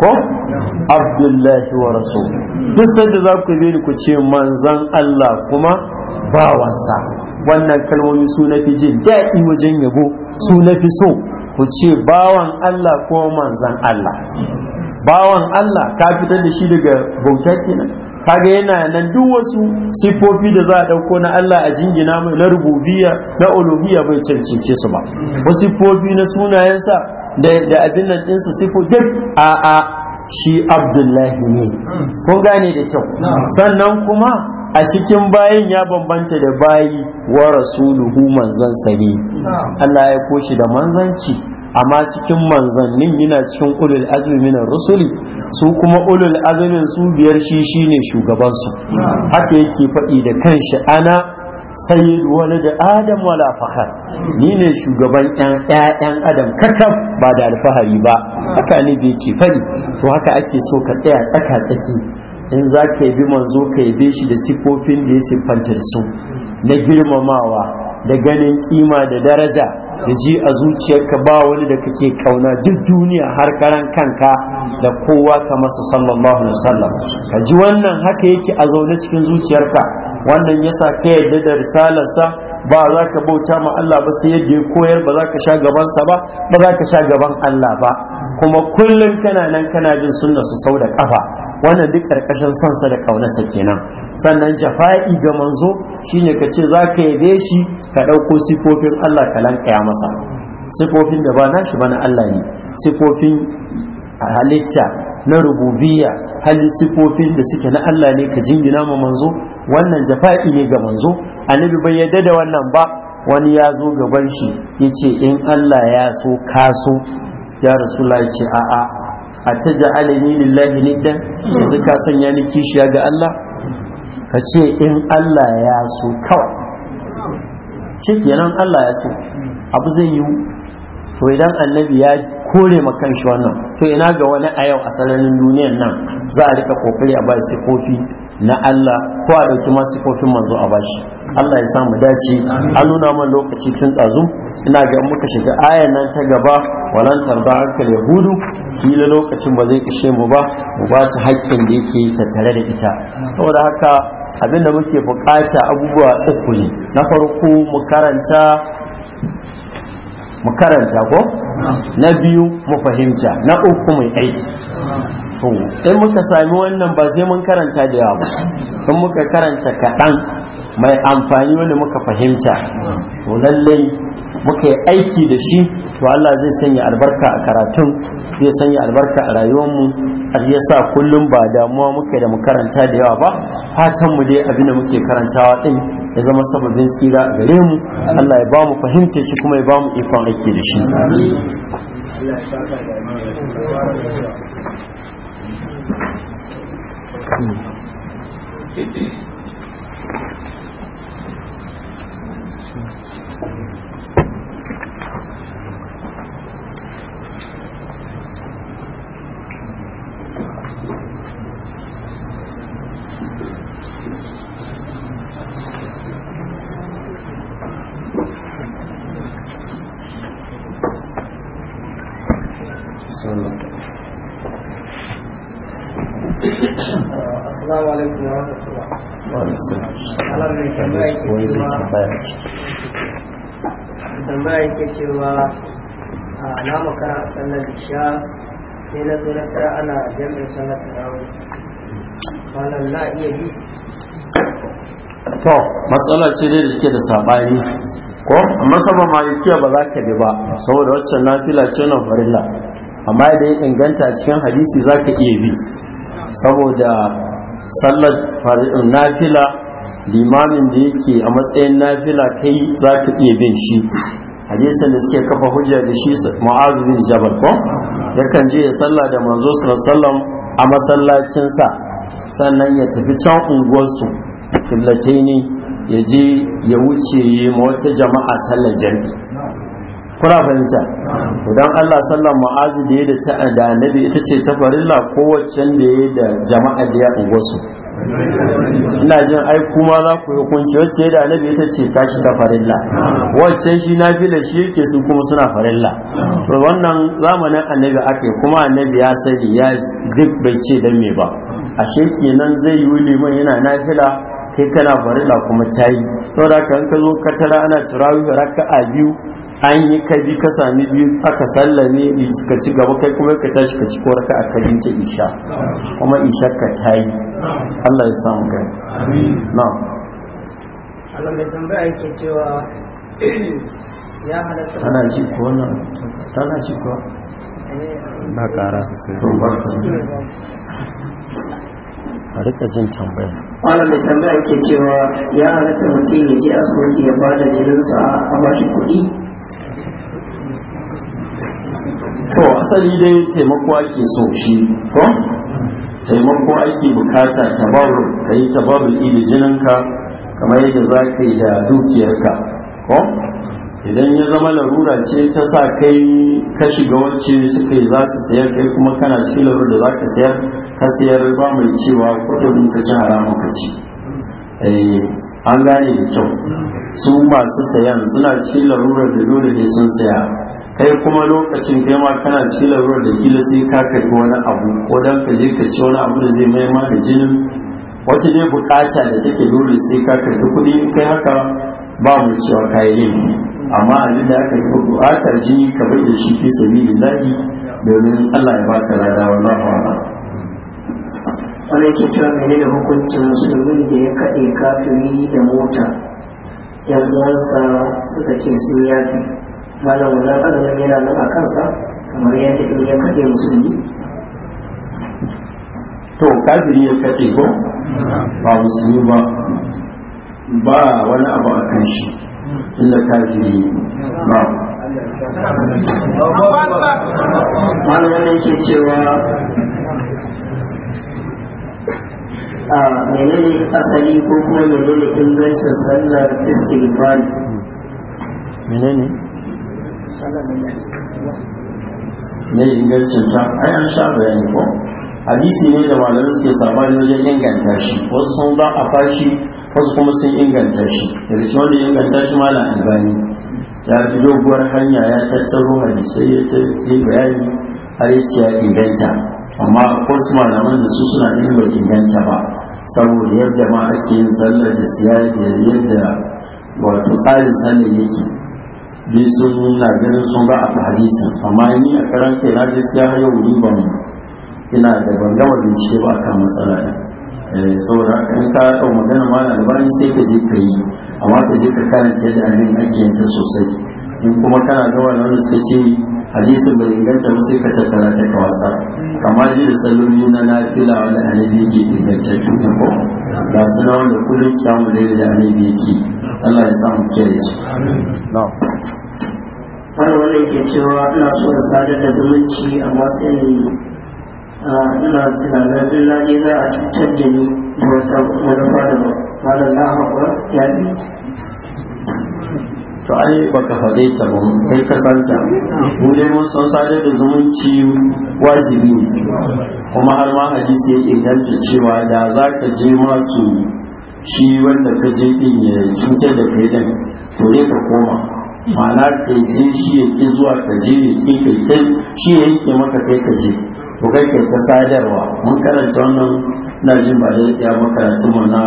ko abdullahi wa rasul duk sanda za ku bi ku ce manzan Allah kuma bawansa wannan kalmomi su na fi jin daɗi wajen yabo su na fi so ku ce bawan Allah kuma manzan Allah bawan Allah ka fitar da shi daga bauta kenan kaga yana nan duk wasu sifofi da za a dauko na Allah a jingina mai na rububiyya na uluhiyya bai cancance su ba wasu sifofi na sunayensa da abin nan ɗinsu sifu duk a a shi abdullahi ne hmm. kun gane da kyau sannan kuma a cikin bayan ya bambanta da bayi wa rasuluhu manzansa ne Allah ya koshi da manzanci amma cikin manzannin yana cikin ulul azmi na rusuli su kuma ulul azumin su biyar shi shine shugabansu haka yake faɗi da kanshi ana sayyid walad adam wala fakhar ni ne shugaban yan ƴaƴan adam kakaf ba da alfahari ba haka ne bai ce fari to haka ake so ka tsaya tsaka tsaki in za ka bi manzo ka yabe shi da sifofin da ya siffanta da su na girmamawa da ganin kima da daraja da ji a zuciyarka ba wani da kake kauna duk duniya har karan kanka da kowa ka masa sallallahu alaihi wasallam ka ji wannan haka yake a zaune cikin zuciyarka wannan yasa ka yarda da risalarsa ba za ka bauta ma Allah ba sai yadda ya koyar ba za ka sha gabansa ba ba za ka sha gaban Allah ba kuma kullum kana nan kana jin sunna su sau da kafa wannan duk karkashin sonsa da ƙaunarsa kenan sannan jafa'i ga manzo shine ka ce za ka yabe shi ka ɗauko sifofin Allah ka lankaya masa sifofin da ba nashi ba na Allah ne sifofin halitta na rububiyya Halin sifofin da suke na Allah ne ka jingina ma manzo wannan jafa'i ne ga manzo annabi bai yarda da wannan ba wani ya zo gaban shi ya ce in Allah ya so ka so ya rasulullah ya ce a'a a ta ja'alani lillahi niddan yanzu ka sanya ni kishiya ga Allah ka ce in Allah ya so kawai shi kenan Allah ya so abu zai yi to idan annabi ya kore ma shi wannan to ina ga wani a yau a sararin duniyar nan za a rika kokari a ba kofi na Allah ko a dauki ma kofin manzo a bashi Allah ya samu dace an nuna mana lokaci tun tsazu ina ga muka shiga ayar nan ta gaba walan tarda anka yahudu kila lokacin ba zai kishe mu ba mu ba ta haƙƙin da yake tattare da ita saboda haka abinda muke bukata abubuwa uku ne na farko mu karanta mu karanta ko na biyu mu fahimta na uku mu aiki to in muka sami wannan ba sai mun karanta da yawa ba in muka karanta kaɗan mai amfani wanda muka fahimta to lallai muka yi aiki da shi to Allah zai sanya albarka a karatun zai sanya albarka a rayuwarmu ya sa kullum ba damuwa muke da mu karanta da yawa ba fatan mu dai abin da muke karantawa din ya zama sababin tsira a gare mu Allah ya ba mu fahimta shi kuma ya ba mu ikon aiki da shi Thank you. Assalamu alaikum a sallar To, matsalar ce dai da ke da saɓani ko amma sama malikiya ba za ka bi ba saboda waccan nafila ce na farilla amma da ya inganta cikin hadisi za ka iya bi saboda sallar nafila limamin da yake a matsayin nafila kai za ka iya bin shi hadisan da suke kafa hujjar da shi mu'azu bin jabal ko yakan je ya sallah da manzo sallallahu a masallacin sannan ya tafi can unguwarsu killatai ne ya je ya wuce ma wata jama'a sallar jami'i kuna fahimta idan Allah sallan ma'azi da ya da da annabi ita ce ta farilla kowace da ya da jama'a da ya su, ina jin ai kuma za ku hukunci wacce da annabi ita ce tashi ta farilla wacce shi na nafila shi yake su kuma suna farilla wannan zamanin annabi yi kuma annabi ya sani ya duk bai ce dan me ba ashe kenan zai yi liman yana nafila kai kana farilla kuma tayi saboda kan ka zo ka tara ana raka'a biyu an yi ka bi ka sami biyu aka sallame ka ci gaba kai kuma ka tashi ka ci ko raka aka yi ta isha kuma isha ka ta Allah ya samu gani na Allah mai tambaya cewa ya halatta ba kara sosai to ba rika jin tambaya mai tambaya cewa ya halatta mutum ya je asibiti ya bada jininsa a bashi kuɗi to asali dai taimako ake so shi ko taimako ake bukata tabarru ka yi tabarru da jininka kamar yadda za ka yi da dukiyarka ko idan ya zama larura ce ta sa kai ka shiga wacce suka yi za su sayar kai kuma kana cikin larura da za ka sayar ka sayar ba mai cewa kudin ka ci haramun ka ci eh, an gane da kyau su masu sayan suna cikin larurar da dole ne sun saya kai kuma lokacin kai ma kana cikin larurar da kila sai ka karbi wani abu ko dan ka je ka ci wani abu da zai mai ma da jinin wata ne bukata da take dole sai ka karbi kuɗi kai haka ba mu cewa kayi laifi amma abin da aka yi bukata jini ka bai da shi fi sabilillahi domin Allah ya ba ka lada wallahu a'lam wani ke cewa mene da hukuncin musulmin da ya kaɗe kafiri da mota yan uwansa suka ce sun yafi malam wannan azumin yana nan a kansa kamar yadda in ya kaɗe musulmi to kafiri ya kaɗe ko ba musulmi ba ba wani abu a kan shi inda kafiri ba malam wannan cewa a menene asali ko kuma menene ingancin sallar istighfar menene ne ingancin ta ai an sha bayani ko hadisi ne da malamai suke sabani wajen inganta shi wasu sun ba a fashi wasu kuma sun inganta shi da shi wanda inganta shi malam albani ya fi doguwar hanya ya tattaro hadisai ya tafi bayani har ya inganta amma su malaman da su suna yin bai inganta ba saboda yadda ma ake yin sallar da siya da yadda wato tsarin sallar yake bi sun na ganin sun ba a hadisin amma ni a karan kai na gaskiya har yau ni ban ina da ban gama bincike ba akan matsala ne eh, saboda in ka ɗau magana ma na bayan sai ka je ka yi amma ka je ka karanta da abin ake yin sosai in kuma kana ga wannan sai ce hadisin bai inganta ba sai ka tattara ta ka wasa kamar ji da saloli na nafila wani annabi yake ingantattu ne ko su sunan da kullum kyamu da annabi yake Allah ya samu kiyaye shi har wanda yake cewa ina so in sadar da zumunci amma sai ina tunanin illa ne za a cutar da ni da wata manufa da ba malam na haƙura ya bi to ai baka faɗe ta ba kai ka santa mu dai mun san sadar da zumunci wajibi ne kuma har ma hadisi ya inganta cewa da za ka je masu shi wanda ka je din ya cutar da kai din to ya ka koma ma'ana ka je shi ya ke zuwa ka je ya ke kai ta shi ya yake maka kai ka je ko kai kai ta sadarwa mun karanta wannan na jin ba da ya makarantun mu na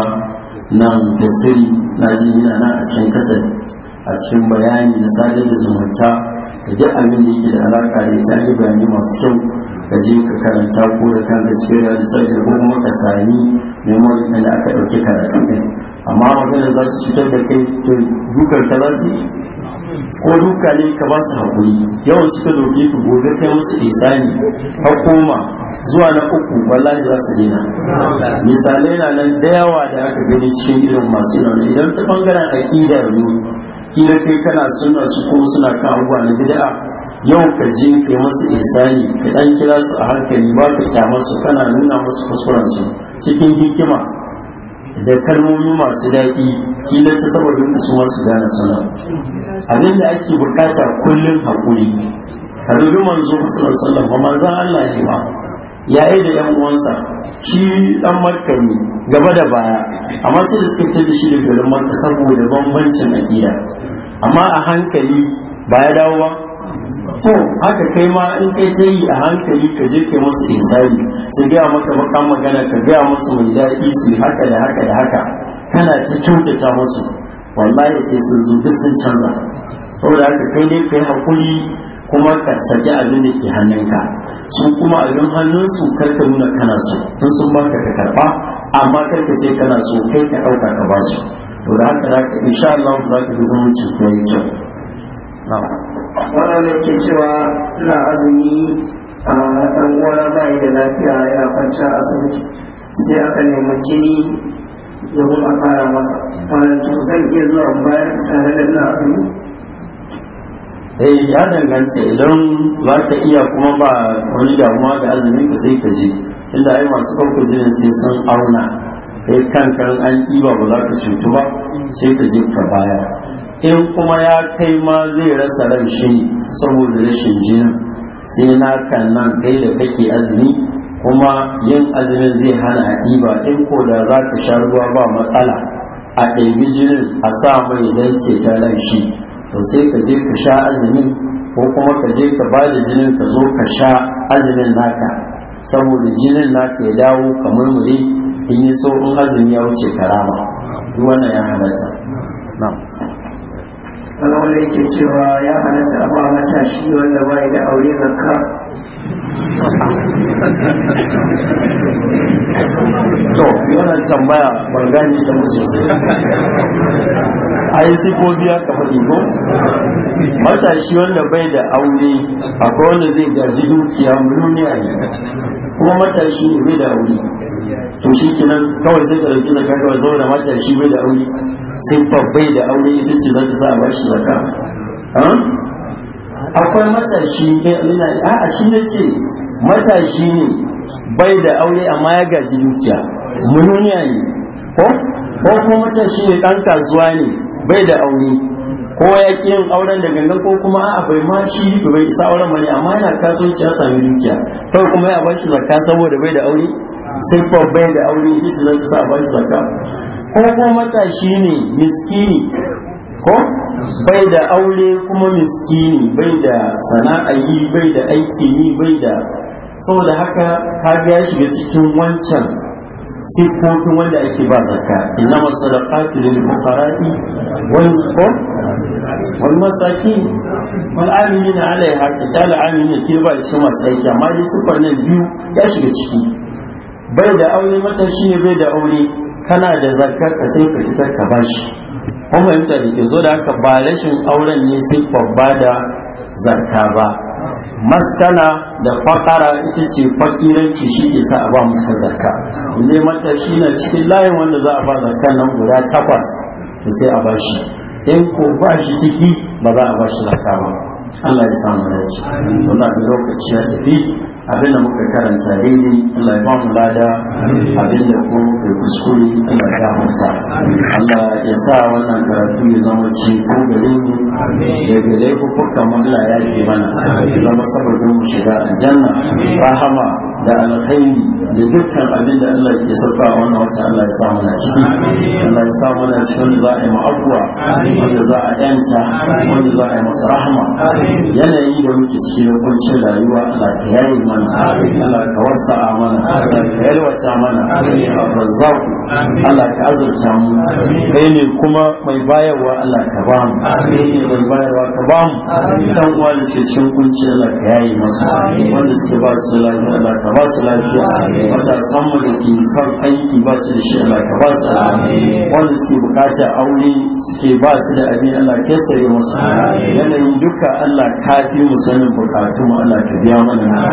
nan da sirri na jin yana nan a cikin kasar a cikin bayani na sadar da zumunta da duk abin da yake da alaƙa da ita ne bayani masu kyau ka je ka karanta ko da kanka cikin da sai da kuma ka sami memory ɗin da aka ɗauki karatu ɗin amma magana za su cutar da kai to dukar ta za su ko duka ne ka ba su haƙuri yawan suka doke ku gobe kai musu isani ka koma zuwa na uku wallahi za su dina misalai na nan da yawa da aka gani cikin irin masu nan idan ta bangaren akida ne kila kai kana suna su ko suna kan abubuwa na bid'a yau ka je ka yi masu insani ka ɗan kira su a hankali ba ka kyamar su kana nuna masu kuskurensu cikin hikima da kalmomi masu daɗi kila ta sababin su masu gane suna abin da ake bukata kullum haƙuri ka rubi manzo sallallahu ma zan Allah ne ba yayi da yan uwansa shi dan markami gaba da baya amma sai da suka da shi da garin marka saboda bambancin aƙida amma a hankali ba ya dawo ba to haka kai ma in kai ta yi a hankali ka je kai musu insani su gaya maka makan magana ka gaya musu mai daɗi su haka da haka da haka kana ta kyautata musu wallahi sai sun zo duk sun canza saboda haka kai ne kai hakuri kuma ka saki abin da ke hannunka su kuma abin hannunsu kar ka nuna kana so in sun baka ka karba amma kar ka kana so kai ka ɗauka ka ba su to da haka insha Allah za ka fi zumunci kyau wannan ne ke cewa ina azumi a ɗan uwana bayi da lafiya yana a asibiti sai aka nemi jini kuma a fara masa wannan to zan iya zuwa bayan tare da ina azumi eh ya danganta idan za ka iya kuma ba wani damuwa da azumi ka sai ka je inda ai masu farko jinin sai sun auna kai kankan an ɗiba ba za ka cutu ba sai ka je ka bayar in kuma ya kai ma zai rasa ran shi saboda rashin jinin sai na kan nan kai da kake azumi kuma yin azumin zai hana a ɗiba in ko da za ka sha ruwa ba matsala a ɗebi jinin a sa mai don ta ran shi to sai ka je ka sha azumin ko kuma ka je ka ba da jinin ka zo ka sha azumin naka saboda jinin naka ya dawo kamar mure in yi tsohon azumi ya wuce karama duk wannan ya halatta wani wanda yake cewa ya halatta a ba matashi wanda ba da aure ga ka? to yana tambaya ban gane ta musu ai sifofi ya kafa ko matashi wanda bai da aure akwai wanda zai gaji dukiya miliyoniya ne kuma matashi ne bai da aure to shi kenan kawai zai ɗauki da kawai zaune matashi bai da aure sai bai da aure ita ce za ta sa a bashi zaka akwai matashi eh, a shi ne ce matashi ne bai da aure amma ya gaji dukiya mununiya ne ko ko kuma matashi ne dan kasuwa ne bai da aure ko ya ki yin auren da gangan ko kuma a bai ma shi bai isa auren bane amma yana kasuwanci ya sami dukiya kawai kuma ya bashi zakka saboda bai da aure siffar bai da aure ita ce za ta sa a bashi zakka ko ko matashi ne miskini ko bai da aure kuma miskini bai da sana'a yi bai da aiki yi bai da saboda haka ka biya shiga cikin wancan siffofin wanda ake ba zakka inna masalaqatu lil fuqara'i wal qur wal masakin wal amilina alaiha amini amilina ke ba shi masaki amma dai siffar nan biyu ya shiga ciki bai da aure matashi ne bai da aure kana da zakar ka sai ka fitar ka bashi mai fahimta da ke zo da haka ba rashin auren ne sai babba da zarka ba maskana da fakara ita ce fakiranci shi ke sa a ba mutum zakka ne matashi na cikin layin wanda za a ba zarka nan guda takwas to sai a bashi in ko ba shi ciki ba za a bashi zarka ba Allah ya samu dace wannan lokaci ya tafi abin da muka karanta daidai Allah ya bamu lada abin da ko muka kuskure Allah ya huta Allah ya sa wannan karatu ya zama ce ko gare mu ya gare ku kuka Allah ya yi mana zama sababin mu shiga aljanna rahama da alkhairi da dukkan abin da Allah ke sauka a wannan wata Allah ya samu na ciki Allah ya samu na ciki wanda za a yi ma'afuwa wanda za a yanta wanda za a yi masa rahama yanayi da muke ciki na kuncin rayuwa Allah ka yayi mana Allah ka wasa mana Allah ka yalwata mana Allah Allah ka azurta mu kai ne kuma mai bayarwa Allah ka ba mu kai ne mai bayarwa ka ba mu dan uwa da cikin kunci Allah ka yayi masa wanda suke ba su lafiya Allah ka ka ba su lafiya matasan mu da ke son aiki ba su da shi Allah ka ba su wanda suke bukata aure suke ba su da abin Allah ka sayi musu yanayin duka Allah ka fi mu sanin bukatu mu Allah ka biya mana na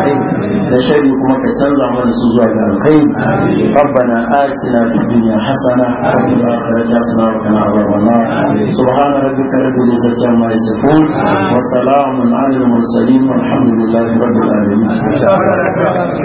da shari kuma ka canza mana su zuwa ga alkhairi rabbana atina fid dunya hasana wa fil akhirati hasana wa qina adhaban nar subhana rabbika rabbil izzati amma yasifun wa salamun alal mursalin والحمد لله رب العالمين